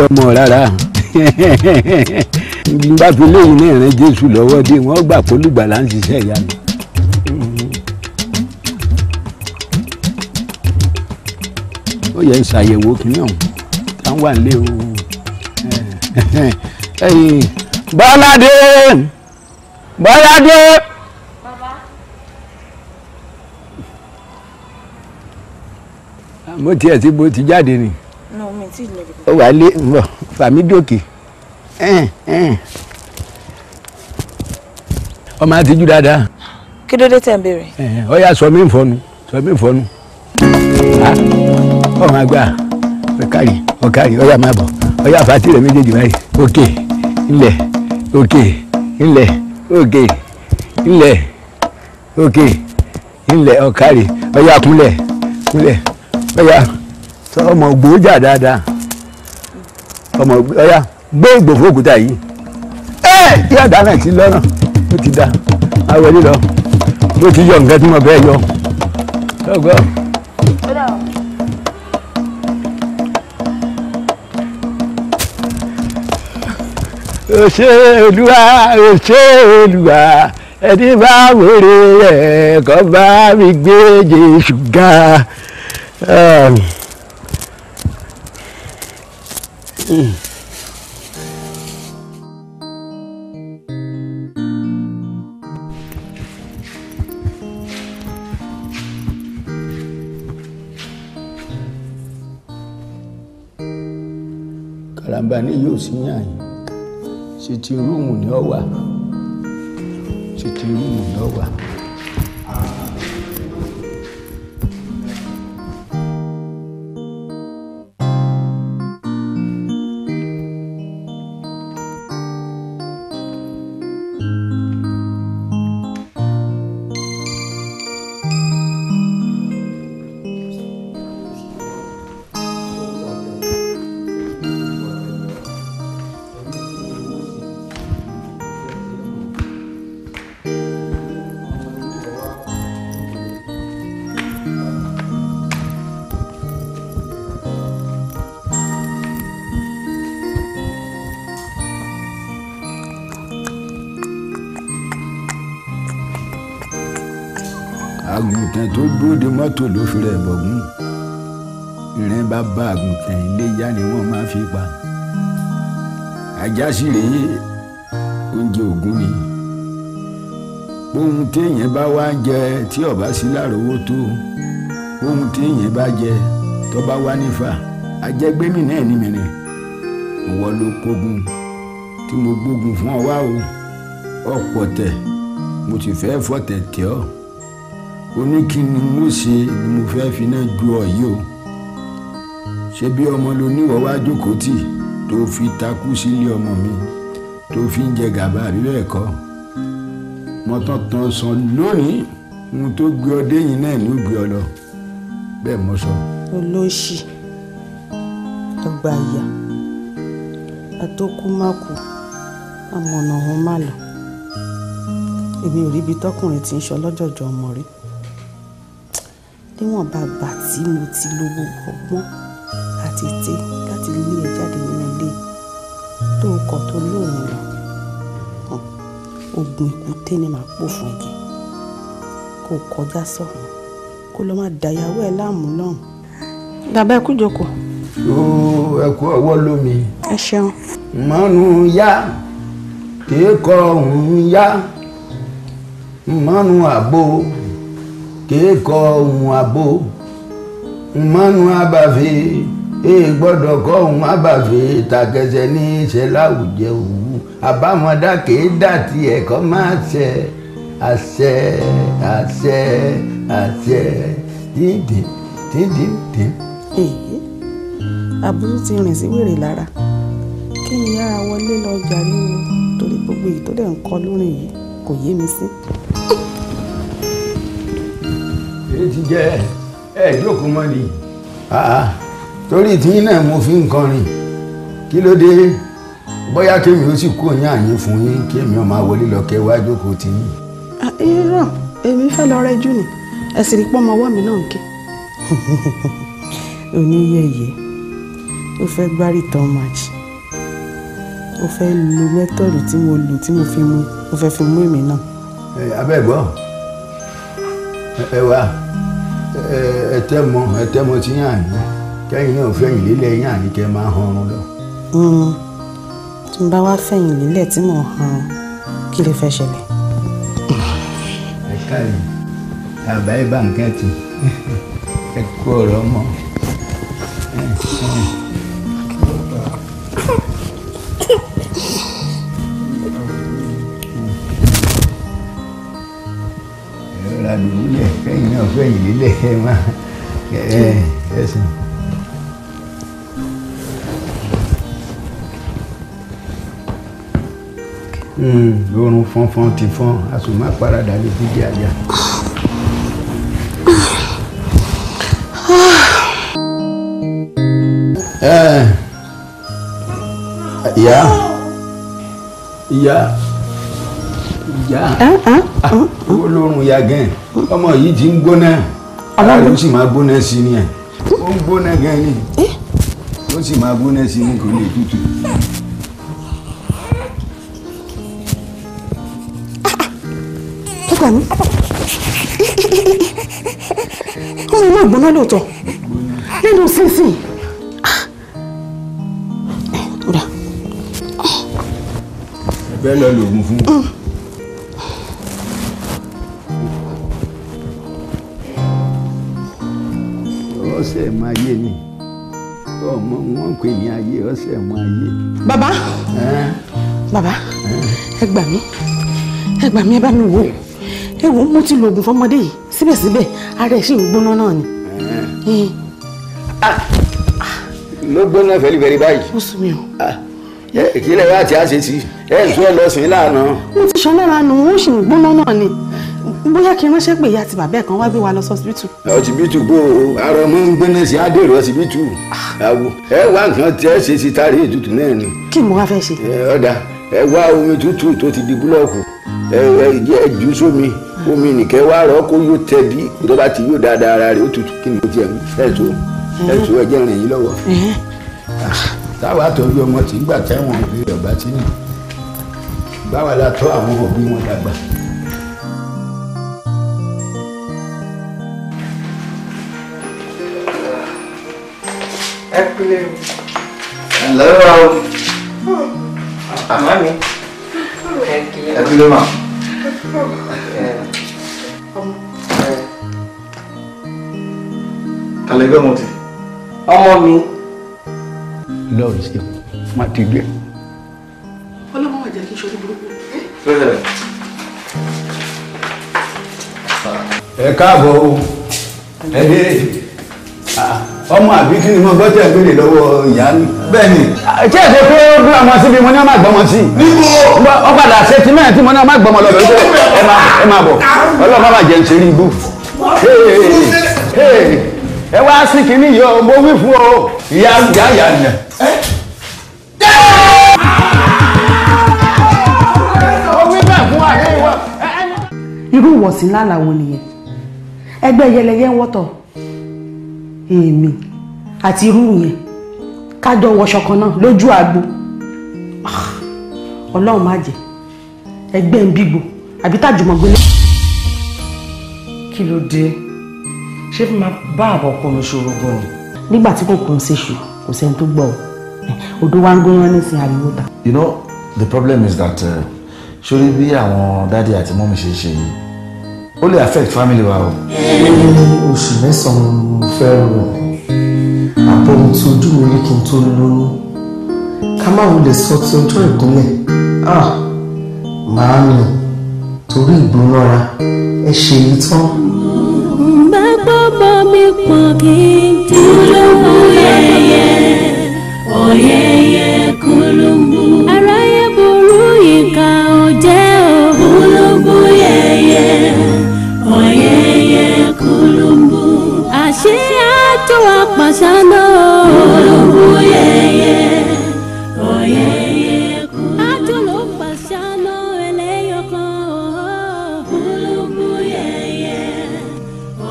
lọ́wọ́ ọmọ rárá bá fi léyìn náà rán Jésù lọ́wọ́ dé wọ́n gbà pólùgbàlà ń ṣiṣẹ́ ìyanu. ó yẹ ìṣàyẹ̀wò kìíní ọ̀hún tá ń wà nílé o. Bọ́ládé Bọ́ládé. mo tiẹ̀ ti bo ti jáde ni tí ì lọ. ó wà lé nbọ fàmí dòkè ọmọ àti jù dáadáa. kí ló dé tẹ̀ ń béèrè. ó yá sọ mí fọnu sọ mí fọnu ọmọ àgbà ọkàrí ọkàrí ó yá máa bọ̀ ó yá fàtí rẹ méjèèjì báyìí òkè ńlẹ̀ òkè ńlẹ̀ òkè ńlẹ̀ òkè ńlẹ̀ ọkàrí ó yá kúnlẹ̀ kúnlẹ̀ ó ọmọ gbòójà dáadáa ọmọ ọyá gbé ìgbò fún òkúta yìí ẹ yíyá dáná ti lọ́nà ó ti da awọ ẹni lọ bó ti yọ nǹkan tí mo fẹ́ yọ ọgọ́. òṣè olúwa òṣè olúwa ẹni bá wèrè rẹ̀ kọ́ bá mi gbé jésù ga. Um, karambà ni yóò sí yàn yín sitting room ni ọ wà sitting room ni ọ tó gbóde mọ́tò ló fi rẹ̀ bọ̀gún ìrìn bá bá àgùntàn iléyà ni wọ́n máa fi pa ajá sì rèé oúnjẹ ògún ni ohun téèyàn bá wá jẹ tí ọba sí láròówó tó ohun téèyàn bá jẹ tó bá wá nífà ajẹgbẹmí náà ní mìíràn ìwọ ló kógun tí mo gbógun fún ọ wá o ọ̀pọ̀ tẹ̀ mo sì fẹ́ fọ̀tẹ̀ tẹ̀ ọ́ oníkíni mo ṣe ni mo fẹ́ fi náà ju ọ yìí o ṣé bí ọmọ lo níwọ̀ wá jókòó tì tó fi takú sílé ọmọ mi tó fi ń jẹ gàba àbí bẹ́ẹ̀ kọ́ mọ́tọ́tàn sàn lónìí ohun tó gbé ọ déyìn náà ní ògbé ọ lọ bẹ́ẹ̀ mo sọ. olóṣì àgbàyà àtòkùmákù àmọ̀nà ọ̀hún má lọ èmi ò ríbi tọkùnrin tí ń sọ lọ́jọ́jọ́ ọmọ rí níwọ̀nba àgbà tí mo ti lo gbogbo ọgbọ́n àti ète láti lé ẹ jáde nínú ilé tó o kọ̀ tó lóòrùn lọ oògùn ìkúté ni màá pò fún ẹ̀jẹ̀ kó o kọjá sọ̀rọ̀ kó lọ́ọ́ máa dàyàwó ẹ̀ láàmú lọ́hùn. bàbá ẹ kú jókòó. ẹ kú ọwọ́ lómi. ẹ ṣeun. mọ́nú yá kéèkọ́ ọ̀hún yá mọ́nú àbò kéèkọ ohun àbò mọ́nú àbàfẹ́ èè gbọ́dọ̀ kọ́ ohun àbàfẹ́ tàkẹsẹ̀ ní ìṣẹ́ láwùjẹ òwú àbámọ́dá kéé dàtí ẹ̀kọ́ máa ṣẹ àṣẹ àṣẹ àṣẹ dídì dídì dì. èyí ti rìn sí wèrè lára kí n yára wọlé lọ jàre o torí gbogbo èyí tó dẹ̀ ń kọ lórí yìí kò yé mi sí. Si èyí ti jẹ́ ẹ̀ẹ́dógún mọ́ ni ah, ah, torí tí náà mo fi ń kọrin kí ló dé bóyá kémi ó sì kú òyìn àyín fún yín kémi ó máa wọlé lọ kẹ́ wá jókòó tì yín. Ah, irọ́ èmi fẹ́ lọ rẹ́jú ni ẹ̀sìn rí pọ́nmọ ọwọ́ mi náà ń ké. oníyẹyẹ ó fẹ́ gbárí tán match ó fẹ́ lo mẹ́tọ̀dù tí mo lò tí mo fi mú mo fẹ́ fi mú èmi náà. abẹ́ gbọ́ ẹ wá ẹtẹmọ ẹtẹmọ tí yàn ní kẹyìn náà fẹ̀yìn lílẹ̀ yàn ní kẹ máa han ọrùn lọ. Hmm. tí n bá wá fẹ̀yìn lílẹ̀ tí mò ń han kí lè fẹ́ ṣẹlẹ̀. ẹ káyọ̀ àbá ìbá nǹkan tù ẹ kú ọ̀rọ̀ mọ́. náà fẹ̀yìn lélẹ̀ ẹ má ẹ ẹ sùn. lórun fọ́nfọ́n ti fọ́n àsùnmá paradà lè fi jẹ́ àyà. Eh, ìyá ìyá ìyá owó lórun ya gan ọmọ yìí ti ń gbóná ara ló sì máa gbóná sí ni ẹ ó ń gbóná gan ni ó sì máa gbóná sí ni kò lè tutù. ọgbà mi ó ní náà gbóná lóòótọ́ nínú sínsìn. bẹ́ẹ̀ lọ lògùn fún un. Mm. ọ̀sẹ̀ máa yé ni ọmọ wọn pè ní ayé ọ̀sẹ̀ máa yé. Baba, Baba, ẹ gbà mí ẹ gbà mí ẹ bá mi wò ẹ wò mo ti lo oògùn fọmọdé yìí síbẹ̀síbẹ̀ ara ẹ̀ ṣì ń gbóná náà ni. Ah! ló gbóná fẹ́lifẹ́li báyìí. ó sún mi o ìkílẹ̀ ah! yóò àti àṣetì ẹ̀ ń tún ẹ lọ sìn lánàá. mo ti ṣọlọ́ra nù ó sì ń gbóná náà ni bóyá kí n ránṣẹ́ pé ìyá àti bàbá ẹ̀ kan wá gbé wa lọ sọ́sibítù. ọsibítù bó o ara ọmọ ń gbóná sí adèrò ọsibítù. Ah. àwọ ẹ wá nǹkan tí ẹ ṣe sí tàrí ètùtù náà ni. kí mo wá fẹ́ ṣe. ẹ ọ̀dà ẹ wá omi tútù tó ti di búlọ̀kù ẹ ẹ jù sómi omi nìkẹ́ wá rọ kó yóò tẹ̀ bí tó bá ti yóò dáadáa ara rẹ̀ ó tutù kí ni mo ti ẹ̀ fẹ́ tó ẹ̀ tó ẹ̀ jẹ́ rìn yín lọ́wọ́ ah, táwa tọ́jú ọmọ tí ń gbà tẹ́wọ̀n ìrọ̀bá tí nì báwa la tọ́ àwọn òbí wọn dàgbà. ẹ kúlẹ̀ o. ẹ̀lẹ́ rà o. àmọ́ mi ẹ kúlẹ̀ mà. tàlẹ́ gbẹ́ mo ti. ọmọ mi. lọ́ọ̀rì sí ma ti gbé. ọlọ́mọ wa jẹ́ kí n ṣe orí burúkú. ẹ káàbọ̀ o ẹ dé. Ah ọmọ àbí kí ni mo gbọ́ tẹ̀ béèrè lọ́wọ́ ìyá mi. bẹ́ẹ̀ ni. tí ẹ ṣe pé ó bí ọmọ síbi mo ní ọmọ àgbọmọ sí. níbo. wọ́n padà ṣe ti mẹ́rin tí mo ní ọmọ àgbọmọ lọ lọ́jọ́ ẹ máa ẹ máa bọ̀ ọlọ́mọ máa jẹ́ nítorí ibú. ẹ wá sí kínní yìí o mo wí fún ọ ìyá ìyá ìyá nìyẹn. irú ìwọ̀sìn lálàwo nìyẹn ẹgbẹ́ yẹlẹyẹ ń wọ́tọ̀ èmi àti irú yẹn kájọ wọṣọ kan náà lójú àgbo ah, ọlọ́run má jẹ́ ẹgbẹ́ ń bígbó àbí tàjùmọ̀ gbélé. kí ló dé ṣé fi máa bá àbọ̀ kọ́ mi ṣòro gan ni. nígbà tí kò kàn ṣe ṣù kò sẹ́ni tó gbọ́ ọ odò wa ń gbóná nísìnyí ariwo ta. you know the problem is that uh, ṣorí bí àwọn dáàdi àti mọ́mí ṣe ṣe yìí ó lè affect family wa o. oṣù mẹ́sàn-án mo fẹ́ rò àbọ̀ ohun tí ojú mi rí kí n tó lóyún ká má wulẹ̀ sọ ti ọjọ́ ìgúnlẹ̀ ah màá mi torí ìgbónára ẹ ṣe èyí tán. bàbá mi pọ̀ kí n dúró kú yẹyẹ ọ̀yẹ̀yẹ kúlùmù. aráyé burú ìka. tó apàṣà náà. olùkú yẹyẹ ọ̀yẹ̀yẹ kú. àjọ pàṣà náà ẹlẹ́yọkan. olùkú yẹyẹ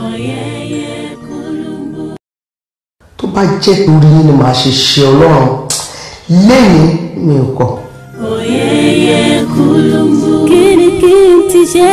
ọ̀yẹ̀yẹ kú. tó bá jẹ́ torí ni màá ṣe ṣe ọlọ́run lẹ́yìn mi ò kọ̀. ọ̀yẹ̀yẹ kú ló ń bú. ni kí n ti ṣe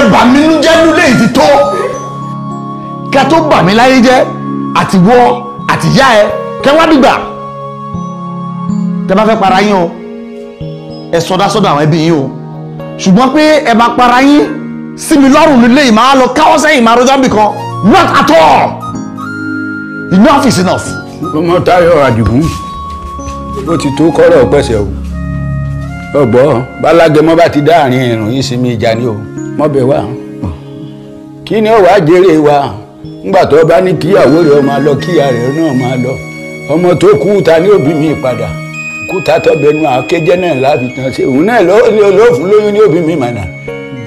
fẹ́ bà mí tó kẹ́ tó bà mí láyé jẹ́ àti wọ́ àti yá ẹ kẹ́ wá dìgbà tẹ́ bá fẹ́ para yín o ẹ sọdá sọ́dọ̀ àwọn ẹbí yín o ṣùgbọ́n pé ẹ bá para yín sí mi lọ́rùn nílé yìí máa lọ káwọ́ sẹ́yìn máa rọjá bìkan not at all enough is enough. ọmọ Táyọ̀ Àdìgún ó ti tó kọ́rọ̀ pẹ̀sẹ̀ o ọgbọ́n bálágẹmọ́ bá ti dá àárín ẹ̀rùn yìí sinmi ìjà ni o. mọ́bẹ̀ wá kí ni ó wàá jèrè wa ńgbà tó bá ní kíyàwó máa lọ kíyà rẹ̀ náà máa lọ ọmọ tó kú ta ní òbí mi padà tọbẹ tọ́bẹ̀nu àkéjẹ́ náà láfi ṣe òun náà ló lóyún ní òbí mi mànà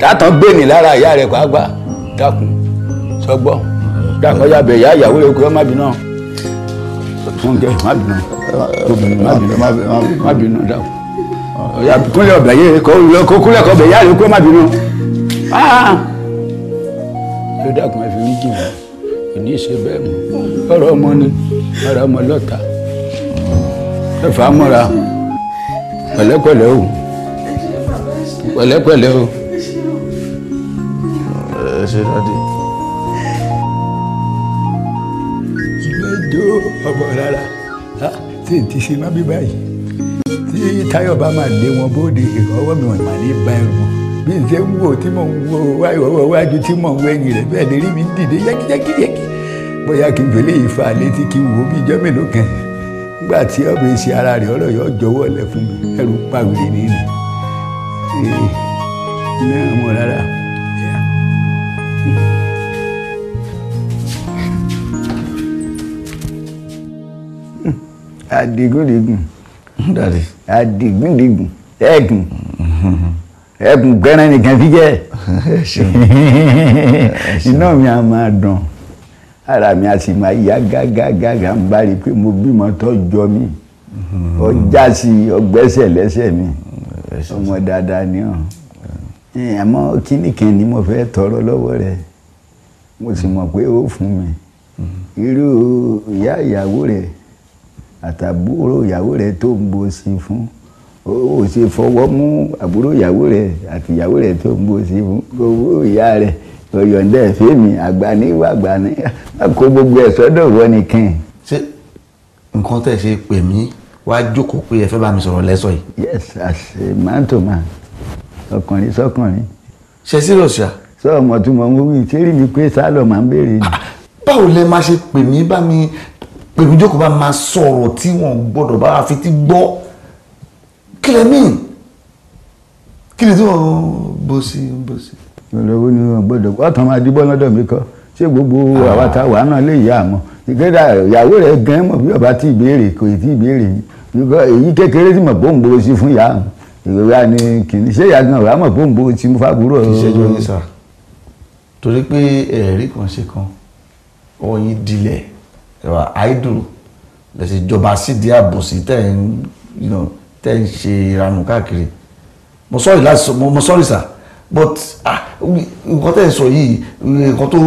dátàn gbé lára ìyá pàápàá dákun dákun ọjà ìyá ìyàwó kú ọ má bínú má bínú má bínú má bínú dákun yẹ kó ìyá kú ọ má bínú. Ah. ló dàkún ẹ fi rí jì mí kò ní í ṣe bẹ́ẹ̀ mọ́ ọ̀rọ̀ ọmọ ni ọ̀rọ̀ ọmọ lọ́ta ẹ fà á mọ́ra pẹ̀lẹ́pẹ̀lẹ́ o pẹ̀lẹ́pẹ̀lẹ́ o. ẹ ṣe dáadé. ìgbẹ́jọ́ ọ̀bọ̀ rárá tí n ti ṣe má bí báyìí tí táyọ̀ bá máa lé wọn bóde ọwọ́ mi wọ̀nyí máa ní bá ẹrù wọn bí n ṣe ń wò tí mò ń wò wájú tí mò ń wò ẹ̀yìn rẹ̀ bẹ́ẹ̀ lè rí mi dìde yẹ́kíyẹ́kíyẹ́kí bóyá kí n fèlè ìfà létí kí n wò bí ijọ́ mélòó kan nígbà tí ọbẹ̀ ìṣe ara rẹ̀ ọ̀rọ̀ yọ jọ̀wọ́ lẹ̀ fún mi ẹrù pàwìrì nínú ní àwọn rárá. adigundigun adigundigun ẹ̀gùn ẹkùn gbẹrẹ nìkan fi jẹ iná mi á máa dùn ara mi á sì máa yá gágágágá ń bá rí i pé mo bímọ tó jọ mi ọjà hmm. sí ọgbẹ́sẹ̀ lẹ́sẹ̀ mi ọmọ dáadáa ni ọ àmọ́ kíní kan ni mo fẹ́ tọrọ lọ́wọ́ rẹ mo sì mọ̀ pé ó fún mi hmm. irú ìyá ìyàwó rẹ àtàbúrò ìyàwó rẹ tó ń bo sí fún ó ṣe fọwọ́ mú àbúrò ìyàwó rẹ̀ àti ìyàwó rẹ̀ tó ń bó ṣe mú owó ìyá rẹ̀ ọ̀yọ̀ǹda ẹ̀fẹ́ mi àgbàní wà àgbàní kó gbogbo ẹ̀ sọ́dọ̀ wọ nìkan. ṣé nǹkan tẹ̀ ṣe pè mí wá jókòó pé ẹ fẹ́ bá mi sọ̀rọ̀ lẹ́sọ̀ yìí. yes as a man to man ọkùnrin sọkùnrin. ṣe serious ṣá. sọ ọmọ tí mo ń wí ṣé rí mi pé sálọ máa ń béèrè ni. Ah, báwo lẹ máa ṣe pè mí bá mi pè mí jókòó bá máa sọ̀rọ̀ tí wọ́n gbọ́dọ̀ bá wa fi ti gbọ́ kí lẹ mí kí ni tí wọ́n bó sí bó sí. ìrọ̀lẹ́wọ́ ni wọ́n gbọ́dọ̀ ọ̀tàn máa díbọ́ lọ́dọ̀ mi kọ́ ṣé gbogbo ah. àwa ta wàá náà lè yá àmọ́ ìgbéra ìyàwó rẹ̀ gan mọ̀ bí ọba tí ìbéèrè kò tí ìbéèrè èyí kékeré tí mọ̀ bóun gbowó sí fún ìyá ìrora ni kìíní ṣé ìyá gan ọ̀rá mọ̀ bóun gbowó sí fún fàbúrò. kì í ṣẹjọ sà torí pé ẹ̀rí kan ṣe kan ọyìn dilẹ̀ àìdùn lẹ́sìn ìjọba sídìí àbòsí tẹ̀ ń tẹ́ ń ṣe ìranù káàkiri mo sorry láti sọ mo sorry sir but ah nǹkan tẹ́ ẹ sọ yìí nǹkan tó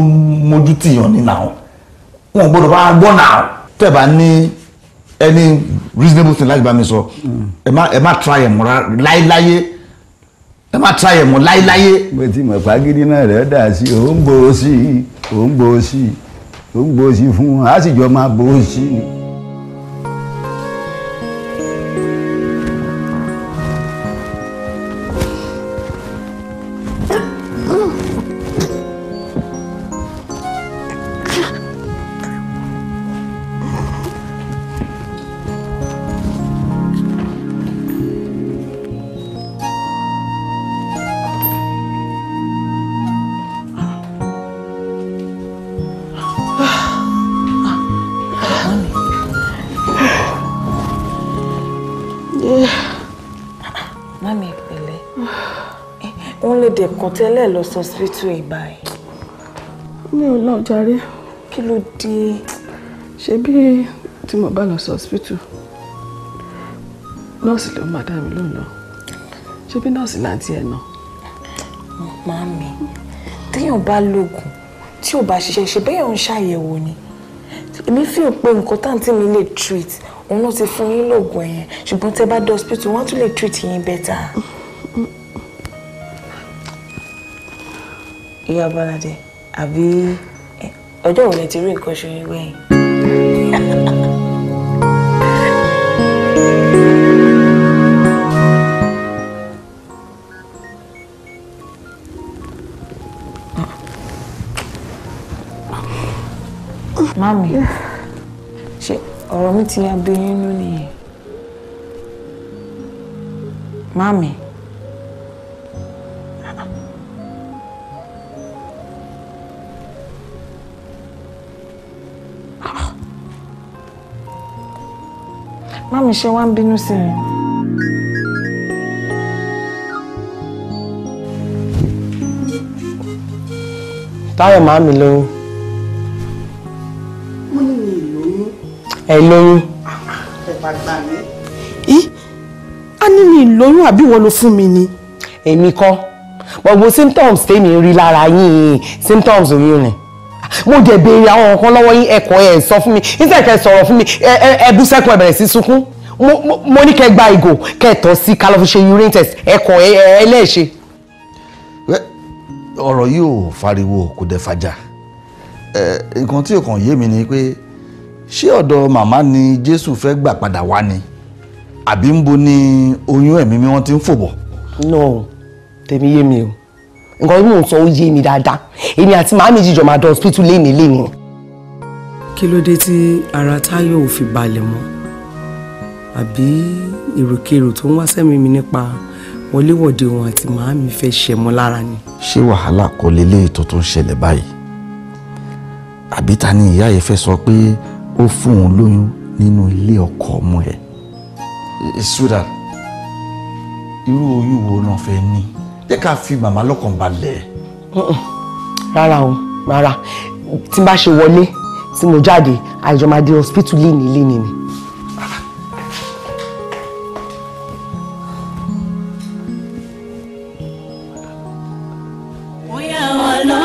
mójú tìyàn ní nàá wọn gbọ́dọ̀ bá gbọ́ nàá tẹ́ bá ní any reasonable thing láti bá mi sọ ẹ má ẹ má try ẹ mọ́ láéláyé ẹ má try ẹ mọ́ láéláyé. mo ti mọ̀ pàgídí náà rẹ̀ dà sí ò ń gbòó sí ò ń gbòó sí ò ń gbòó sí fún un a sì jọ máa gbòó sí ni. kàn tẹ́lẹ̀ lọ sọ́sìbítù ìgbà ẹ̀. mi ò lọ jàre. kí ló dé. ṣebí tí mo bá lọ sọ́sìbítù nọ́ọ̀sì ló máa dá mi lóhùn náà ṣebí nọ́ọ̀sì láti ẹ̀ náà. màámi téèyàn bá lóògùn tí ò bá ṣiṣẹ́ ṣe bẹ́ẹ̀ ń ṣàyẹ̀wò ni èmi fi hàn pé nǹkan táǹtì mi lè treat òun ló ti fún yín lóògùn ẹ̀yẹn ṣùgbọ́n tẹ́ bá dé wọ́n á tún lè treat yín better. ìyá Bọ́ládé àbí ọjọ́ wo lẹ ti rí nǹkan ṣe gbẹ̀yìn. Mami, ṣe ọ̀rọ̀ mi ti abẹ́yẹn nú nìyẹn. Mami. Yeah. mi ṣe wá ń bínú sí mi. Táyọ̀ máa mi lóyún. Mo ní mi lóyún. Ẹ lóyún. Ẹ bá gbà mí. Í, a ní mi lóyún àbí wọ́n ló fún mi ni. Èmi kọ́, gbogbo symptoms tèmi rí lára yín symptoms yín rìn mo jẹ béèrè àwọn nǹkan lọ́wọ́ yín ẹ̀kọ́ ẹ̀ sọ fún mi nígbà tẹ́ sọ̀rọ̀ fún mi ẹ ẹ bú sẹ́kùn ẹ sí sunkún mo ní kẹ́ gba ìgò kẹ́ẹ̀tọ́ sí kálọ́fíṣe urine test ẹ̀kọ́ ẹlẹ́ẹ̀ṣe. ọ̀rọ̀ yìí ò fariwo kò dẹ̀ fàjà nǹkan tí òkàn yé mi ni pé ṣé ọ̀dọ̀ màmá ni Jésù fẹ́ gbà padà wá ni àbí ń bo ni oyún ẹ̀mí mi wọ́n ti ń fò bọ̀. no tèmi yé mi o nǹkan tí mò ń sọ ó yé mi dáadáa èmi àti màámi jíjọ máa dán hospital lénìí lénìí. kí ló dé tí ara Táyọ̀ ò fi balẹ̀ mọ́ àbí èròkérò tó ń wá sẹ́mi mi nípa wọléwọ̀de òun àti màámi fẹ́ ṣẹ̀mọ́ lára ni. ṣé wàhálà kọ́ leléyìí tó tún ṣẹlẹ̀ báyìí àbí ta ni ìyá yẹn fẹ́ sọ pé ó fún òun lóyún nínú ilé ọkọ ọmọ ẹ̀ ìṣúra eh, irú oyún wo náà fẹ́ ní jẹ́ ká fi màmá lọ́kàn balẹ̀. rárá o rárá tí n bá ṣe wọlé tí mo jáde àìjọ máa di hospital lénìí lénìí ni.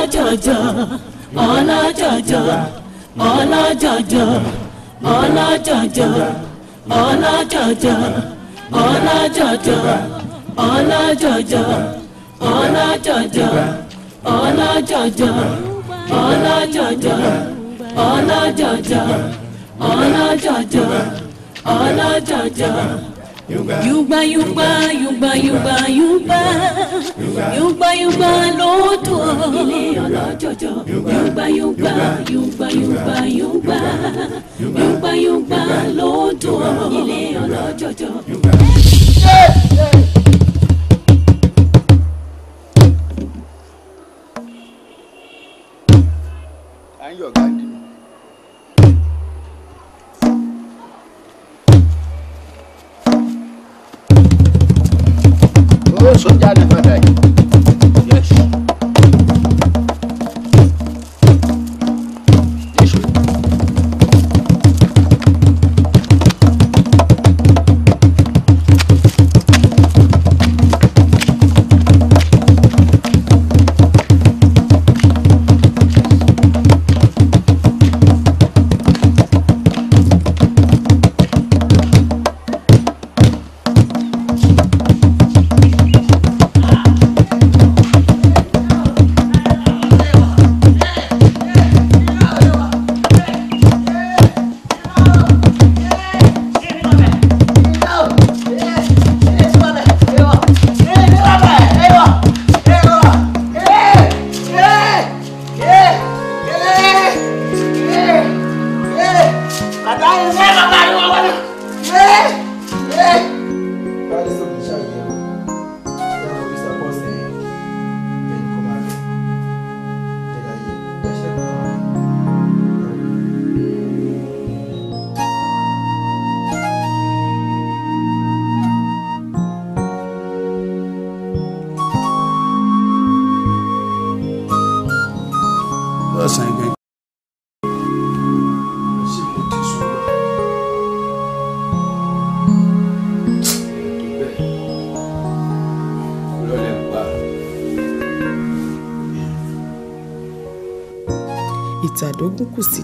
ọlọ́jọ̀jọ̀ ọlọ́jọ̀jọ̀ ọlọ́jọ̀jọ̀ ọlọ́jọ̀jọ̀ ọlọ́jọ̀jọ̀ ọlọ́jọ̀jọ̀ ọlọ́jọ̀jọ̀ ọlọ́jọ̀jọ̀ ọlọ́jọ̀jọ̀ ọlọ́jọ̀jọ̀ ọlọ́jọ̀jọ̀ ọlọ́jọ̀jọ̀ ọlọ́jọ̀jọ̀ yugba yugba yugba yugba yugba yugba yugba lọ́dọ̀ ènìyàn lọ́jọ́jọ́ yugba yugba yugba yugba yugba yugba yugba lọ́dọ̀ ènìyàn lọ́jọ́jọ́. Thank you, soo soo jaane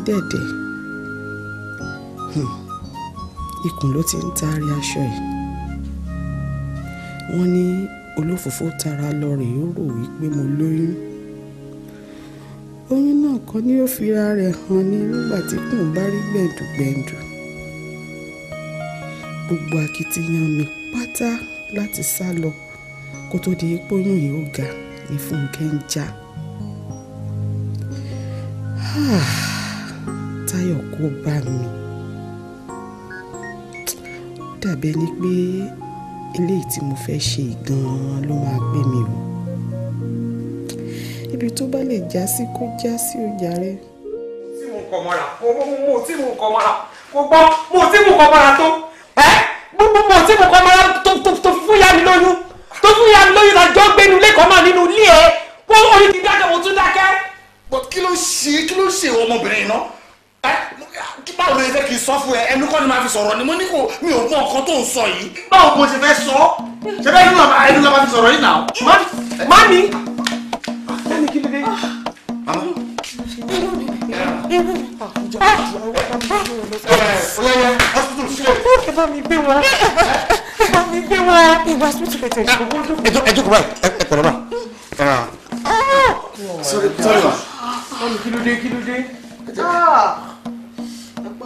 dẹ̀dẹ̀ hmm, ikùn ló ti ń taari aṣọ ẹ̀ wọ́n ní olófòfó tara lọ rìn ó rò wípé mo lóyún oyún náà kọ́ ni ó fira rẹ̀ hàn ní nígbà tí kùn bá rí gbẹ̀ǹdùgbẹ̀ǹdù gbogbo akitiyan mi pátá láti sá lọ kó tó di pọ́yún yìí ó ga ní fúnkẹ́ ń já. Ah kó bá mi ó dàbí ẹni pé eléyìí tí mo fẹ́ ṣe gan-an ló máa gbé mi o ibi tó bá lè já sí kó já sí o jàre. tí mo kọ̀ mọ́ra mo tí mo kọ̀ mọ́ra kò gbọ́ mo tí mo kọ̀ mọ́ra tó. ẹnu kọ́ ni màá fi sọ̀rọ̀ ni mo ní kò mi ò mọ nǹkan tó ń sọ yìí. báwo bó ṣe fẹ́ sọ ọ́ ṣe fẹ́ inú ẹnu la máa fi sọ̀rọ̀ yìí náà. má mi. sẹ́ni kí ló dé. ẹ bá mi gbé wa ẹ bá mi gbé wa ìwà sùtù kẹtẹ ìṣòwò. ẹ jókòó báyìí ẹ pẹ̀lẹ́ báyìí. sọ̀rọ̀ sọ̀rọ̀ wa. kí ló dé kí ló dé.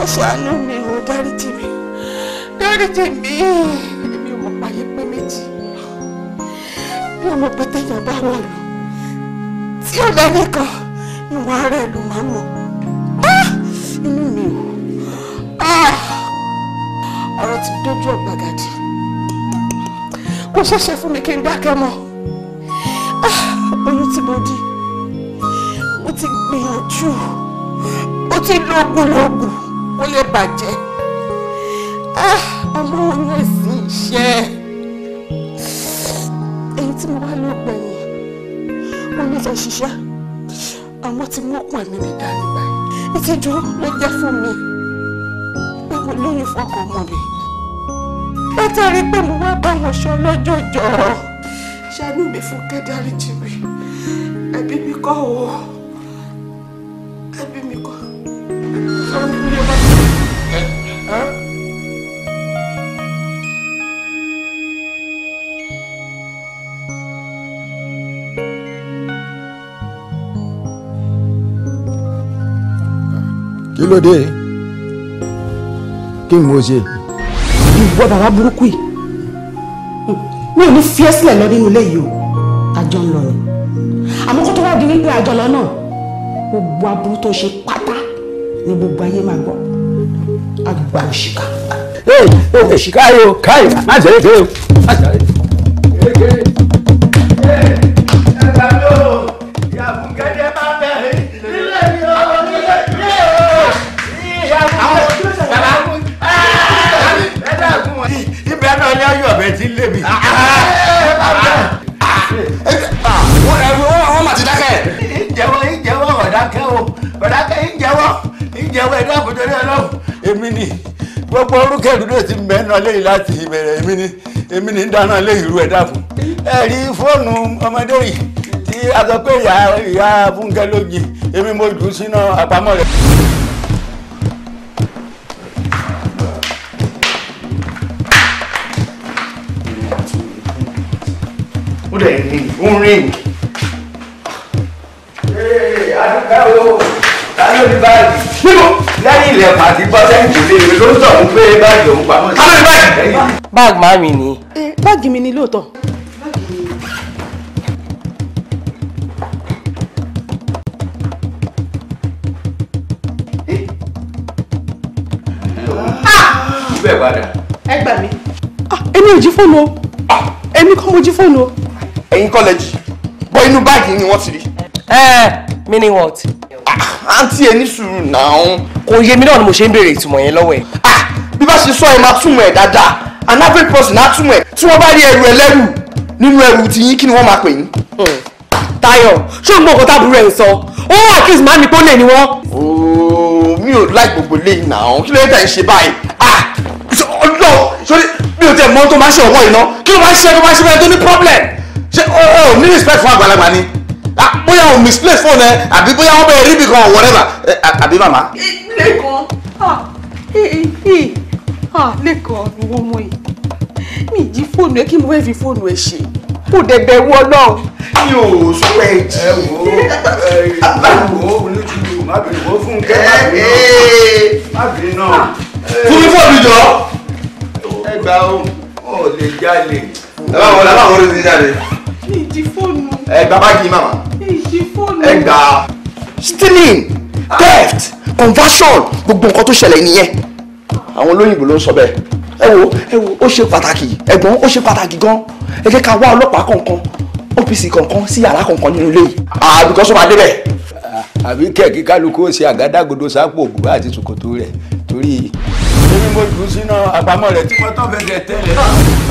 kó ṣàánú mi ò dáríjì mi dáríjì mi èmi ò pààyè pé méjì bí ọmọ pẹtẹyàn bá wà lù tí ó lọ nìkan ìwà rẹ ló máa mọ inú mi ò ọ̀rọ̀ ti dójú ọ̀gbagadì kò ṣẹ̀ṣẹ̀ fún mi kí n dákẹ́ mọ́ oyún tí mo di mo ti gbìyànjú mo ti lóògùn lóògùn ó lè bàjẹ́ ah, ọmọ oyún ẹ̀sìn iṣẹ́ èyí tí mo wá ló gbẹ̀yìn mo ní fẹ́ ṣiṣẹ́ àwọn tí wọ́n pọ̀ mí mi dání báyìí ìtìjú ló jẹ́ fún mi pé mo lóyún fọkàn mọ́ mi látàrí pé mo wá bá wọn ṣọ lọ́jọ́jọ́ ṣàánú mi fún kẹ́dárí jì mí ẹ̀bí mi kọ́ o. lóde kí n mo ṣe. ìwọ bàbá burúkú yìí mi ò ní fi ẹ́ sílẹ̀ lọ nínú ilé yìí o àjọ ń lọ ni àmọ́ kó tó wá di wípé àjọ lọ náà gbogbo aburú tó ṣe pátá ni gbogbo ayé máa gbọ́ àgbà òṣìkà. ee oh, òṣìkà yìí o káyì má jẹ́ èdè o má jẹ́ èdè. èmi ni gbogbo orúkẹ ìdúró ti mẹ́nà léyìí láti ìbẹ̀rẹ̀ èmi ni èmi ni ń dáná léyìí irú ẹ̀ dàkún. ẹ rí fóònù ọmọdé yìí tí a sọ pé ìyá ìyá fúnkẹ́ ló jí èmi mo jù ú sínú àpamọ́ rẹ̀. ó dẹ̀ ní ó ń rìn. ee adúgbò ta ní báyìí. Bag, lẹ́yìn ilẹ̀ pàtí bọ́sẹ̀ ìjòlè rẹ ló ń sọ fún pé báàgì òun pamọ́. kábẹ́ báàgì. báàgì máa mi ni. Eh, báàgì mi ni lóòótọ́. Ah! bẹ́ẹ̀ padà. ẹ gbà mí. Ah, èmi ò fóònù o ah! èmi kọ́ mo fóònù o. ẹ̀yin kọ́lẹ́jì bọ́ inú báàgì ni wọ́n ti rí. ẹ mi wọ́n ti àǹtí ah, ẹ ní sùúrù náà. kò yé mi náà ni mo ṣe ń béèrè ìtumọ̀ yẹn lọ́wọ́ ẹ̀. Ah, bí bá ṣe sọ ẹ máa túmọ̀ ẹ̀ dáadáa an average person á túmọ̀ ẹ̀ tí wọ́n bá rí ẹrù ẹlẹ́rù nínú ẹrù tí yín kí ni wọ́n máa pè yín. Hmm. Táyọ̀ ṣé o mọ ọkọ tábùrú ẹ ń sọ ó wà kí ìsìn máa ní pọ́nlẹ̀ ni wọ́n. ooo mi ò láì gbogbo léyìn náà kí ló ń tẹ̀ ṣe báyìí ah ọlọ́ sórí mi ò tẹ̀ mọ́ tó máa ṣe ọ̀wọ́ ìná kí ló máa ṣe tó máa ṣe fẹ́ problem ṣé o oh, oh, ní respect fún àgbàlagbà ni ah bóyá o misplace phone ẹ àbí bóyá wọn bẹ̀rẹ̀ ríbi kan whatever eh, ah, àbí màmá. lẹ́kàn lẹ́kàn ni wọ́n mọ̀ yìí mi jí fóònù ẹ kí mo fẹ́ fi fóònù ẹ ṣe kò dẹ̀dẹ̀ wọ náà. mi ò sọ ẹ jẹ wo ẹ wo olójúlù má bẹ̀rẹ̀ wọ́n fún kẹ́ má bẹ̀rẹ̀ eh, eh. má bẹ̀rẹ̀ náà. fún mi fóònù jọ. ẹ gbà ó ò lè jalè. ẹ bá wọlé ẹ bá wọlé ti jáde ìdí fóònù. ẹ gba báàgì màmá. ìdí fóònù. ẹ gbà. stealing theft conversion gbogbo nǹkan tó ṣẹlẹ̀ nìyẹn àwọn olóyìnbó ló ń sọ bẹ́ẹ̀ ẹ wo ẹ wo ó ṣe pàtàkì ẹ̀gbọ́n ó ṣe pàtàkì gan ẹ jẹ́ ká wá ọlọ́pàá kọ̀ọ̀kan ọ́fíìsì kọ̀ọ̀kan sí yàrá kọ̀ọ̀kan nínú ilé yìí àbíkọ́ sọ́ba débẹ̀. àbí kẹ̀kí kálukú ṣe àgádágodo sápò ògùn àti ṣòkòtò rẹ̀ torí. èyí mo jù sínú àpamọ́ rẹ̀ tí mo tọ́ fẹsẹ̀ tẹ́lẹ̀.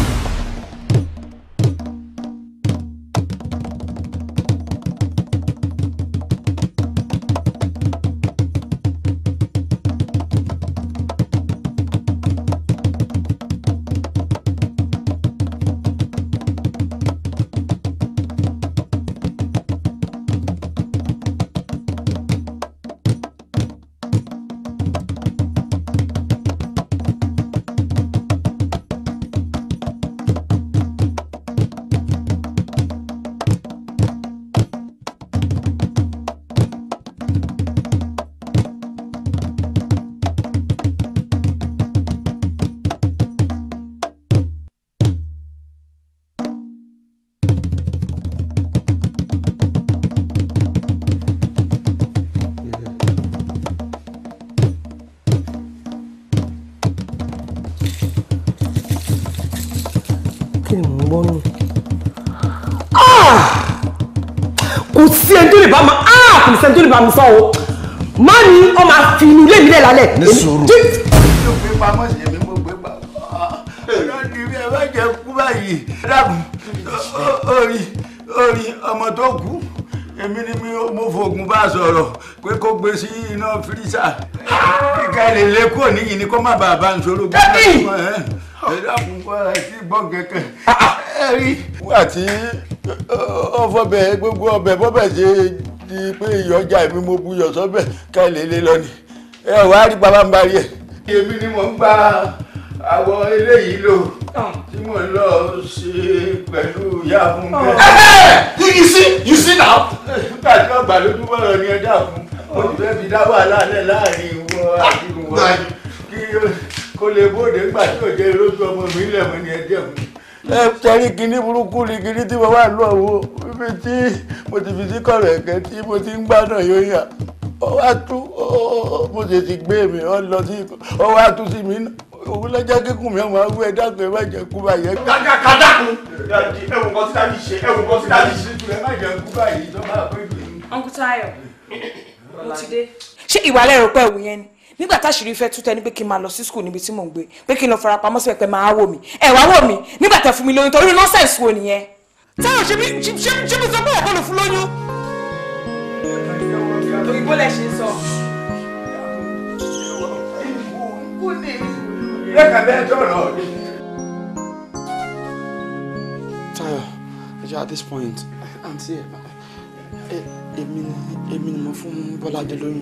bá mi sọ o má ní ọ máa fi inú ilé mi lẹ̀ lálẹ́. ní sùúrù. yóò fi pamọ́ sí mi mo gbé pa ẹ̀rọ ni ẹ bá jẹ kú báyìí dákun orí orí ọmọ tó kú èmi ni mi mo fògùn bá sọ̀rọ̀ pé kó gbé sí iná fírísà kíkà lè lé kúrò níyì ni kó má bàa bá ń ṣòro gbé lọ́wọ́ ẹ̀ ẹ̀ dákun kó ara sí gbọ́n kẹ̀kẹ́ ẹ̀ rí. wà á ti ọfọbẹ gbogbo ọbẹ bọbẹ ṣe di pé ìyọjà èmi mo bu iyọ̀ sọ́bẹ̀ ká ilé ilé lọ ni ẹ wá rí bàbá ń bari ẹ̀. èmi ni mo ń gba àwọn eléyìí lò tí mo lọ ṣe pẹ̀lú ìyá fún mi. ẹ ẹ yìí sí yìí sí náà. nígbà tí wọ́n gbà lójú bọ́ọ̀rọ̀ ni ẹja fún mo ti fẹ́ fi dá wàhálà láàrin ìwọ àti ìwọ ah, kí kó lè bóde nígbà tí òjò ìrójú ọmọ mi lẹ̀ mọ́ ni ẹ jẹ́ mi ẹ tẹrí kinní burúkú ni kinní tí mo wà lọ́wọ́ ibi tí mo ti fi sí kọ̀rẹ̀kẹ́ tí mo ti ń gbádùn yóò yà ó wá tú mo sì ti gbé mi ó lọ sí ó wá tú sí mi náà òun lọ́jọ́ kíkùn mi ọmọ awú ẹ dákun ẹ má jẹ kú báyẹn. dájà ká dákun ẹwùn kan síta yìí ṣe ẹwùn kan síta yìí ṣe ẹ má jẹ kú báyìí lọ́ba àpò ìlú. ọ̀nkú Táyọ̀ mo ti dé. ṣé ìwà lẹ́rù pẹ̀lú yẹn ni nígbà táṣìírí fẹ́ tú tẹni pé kí n máa lọ sí skul níbi tí mò ń gbé pé kí n lọ farapamọ́ sí pẹpẹ máa wò mí ẹ wá wò mí nígbà tẹ́ fún mi lóyún torí nọ́sẹ̀sì wo nìyẹn. táwọn ṣe mi ṣe mi sọ pé ọ̀gbọ́n ló fún lóyún. òyìnbó lẹ ṣe sọ. Tayo, at this point, àǹtí ẹ̀ èmi ni mo fún Bọ́ládé lóyún.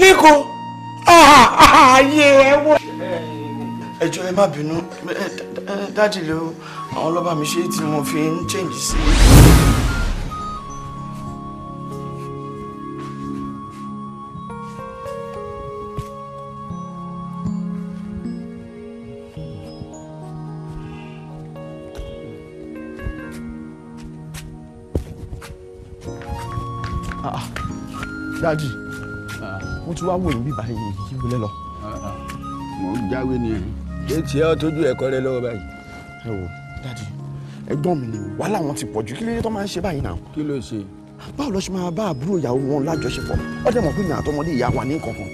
Níko ayé ẹ wọ. ẹjọ ẹ má bínú dájì lé o àwọn ọlọ́ba mi ṣe tí wọ́n fi ń change sí. Ah, ah. Daddy mo ti wá wò yín bí báyìí kí wọlé lọ. mo ń jáwé ni ẹ etí ẹ tójú ẹ̀kọ́ rẹ lọ́wọ́ báyìí. ẹ wò dáàdi ẹ̀gbọ́n mi ni wàhálà wọn ti pọ̀ jù kí lóye tó máa ń ṣe báyìí náà. kí ló ṣe. báwo lọ ṣe máa bá àbúrò ìyàwó wọn lájọṣepọ̀ ó dẹ̀ mọ̀ pé ìyàn àtọmọdé ìyá wa ní kankan.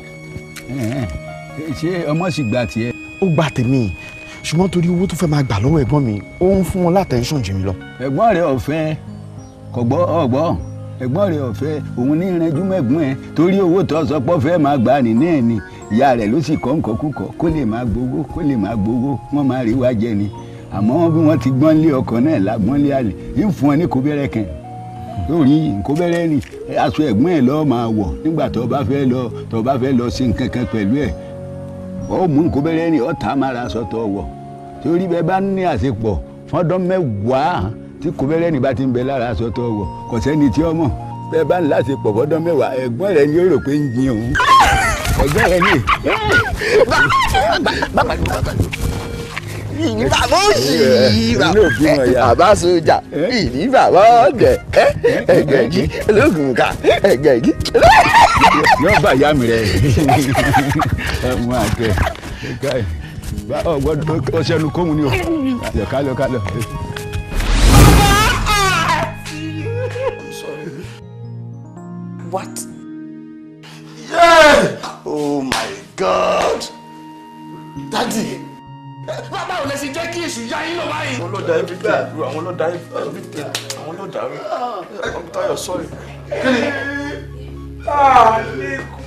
ṣé ọmọ sì gba tiẹ̀. ó gba tèmi ṣùgbọ́n torí owó tó fẹ́ máa gbà lọ́wọ́ ẹ̀gbọ́n mi ó ń fún wọn látẹ̀ńṣọ̀n jù mí lọ. ẹ̀gbọ́n rẹ̀ ọ̀fẹ́ kọ̀gbọ́ ọ̀gbọ́n ẹ̀gbọ́n rẹ̀ ọ̀fẹ́ òun ní ìrẹ́jú mẹ́gbọ́n ẹ̀ torí owó tó sọ pọ́ fẹ́ máa gbà ní náà ni ìyá rẹ̀ ló sì kọ́ nǹkan kúkọ kó lè máa gbowó kó lè máa gbowó wọ́n máa rí wá jẹ ni àmọ́ bí wọ́n ti gbọ́n lé ọkọ̀ náà lágbọ́n lé àlè ń fún ẹ ní kó bẹ̀rẹ̀ kan lórí nǹkó bẹ̀rẹ̀ ni aṣọ ẹ̀gbọ́n ẹ̀ lọ́ọ́ máa wọ̀ nígbà tó bá fẹ́ lọ tó bá fẹ́ lọ sí nǹkan kan pẹ̀lú ẹ̀ ó mú nǹkó bẹ̀rẹ̀ ni ọ̀tá máa ra aṣọ tó wọ̀ torí bẹ́ẹ̀ bá ní àṣepọ̀ fọ́dọ́ mẹ́wàá tí kòbẹ́rẹ́ ní bá ti ń bẹ lára aṣọ tó wọ̀ kò sẹ́ni tí ó mọ̀ bẹ́ẹ̀ bá ń láti pọ̀ fọ́dọ́ mẹ́wàá ẹ̀gbọ́n rẹ ni ó rò pé ń jin òun ẹ̀gbọ́n rẹ ni. ìní bàbá òsì bàbá sójà ìní bàbá ọ̀dẹ̀ ẹ̀gẹ̀gí ológun ká yóò bá ìyá mi rẹ ẹ mú àkẹ ọgbọdọ ọsẹnu kọmu ni o kálọ kálọ. what? Yeah! Oh my God! Daddy! Bàbá ò lè ṣe jẹ́ kí èṣù yá yín lọ báyìí. Àwọn ọlọ́dà everything, àwọn ọlọ́dà everything, àwọn ọlọ́dà. I'm tired, sorry. Kí ni? Ah,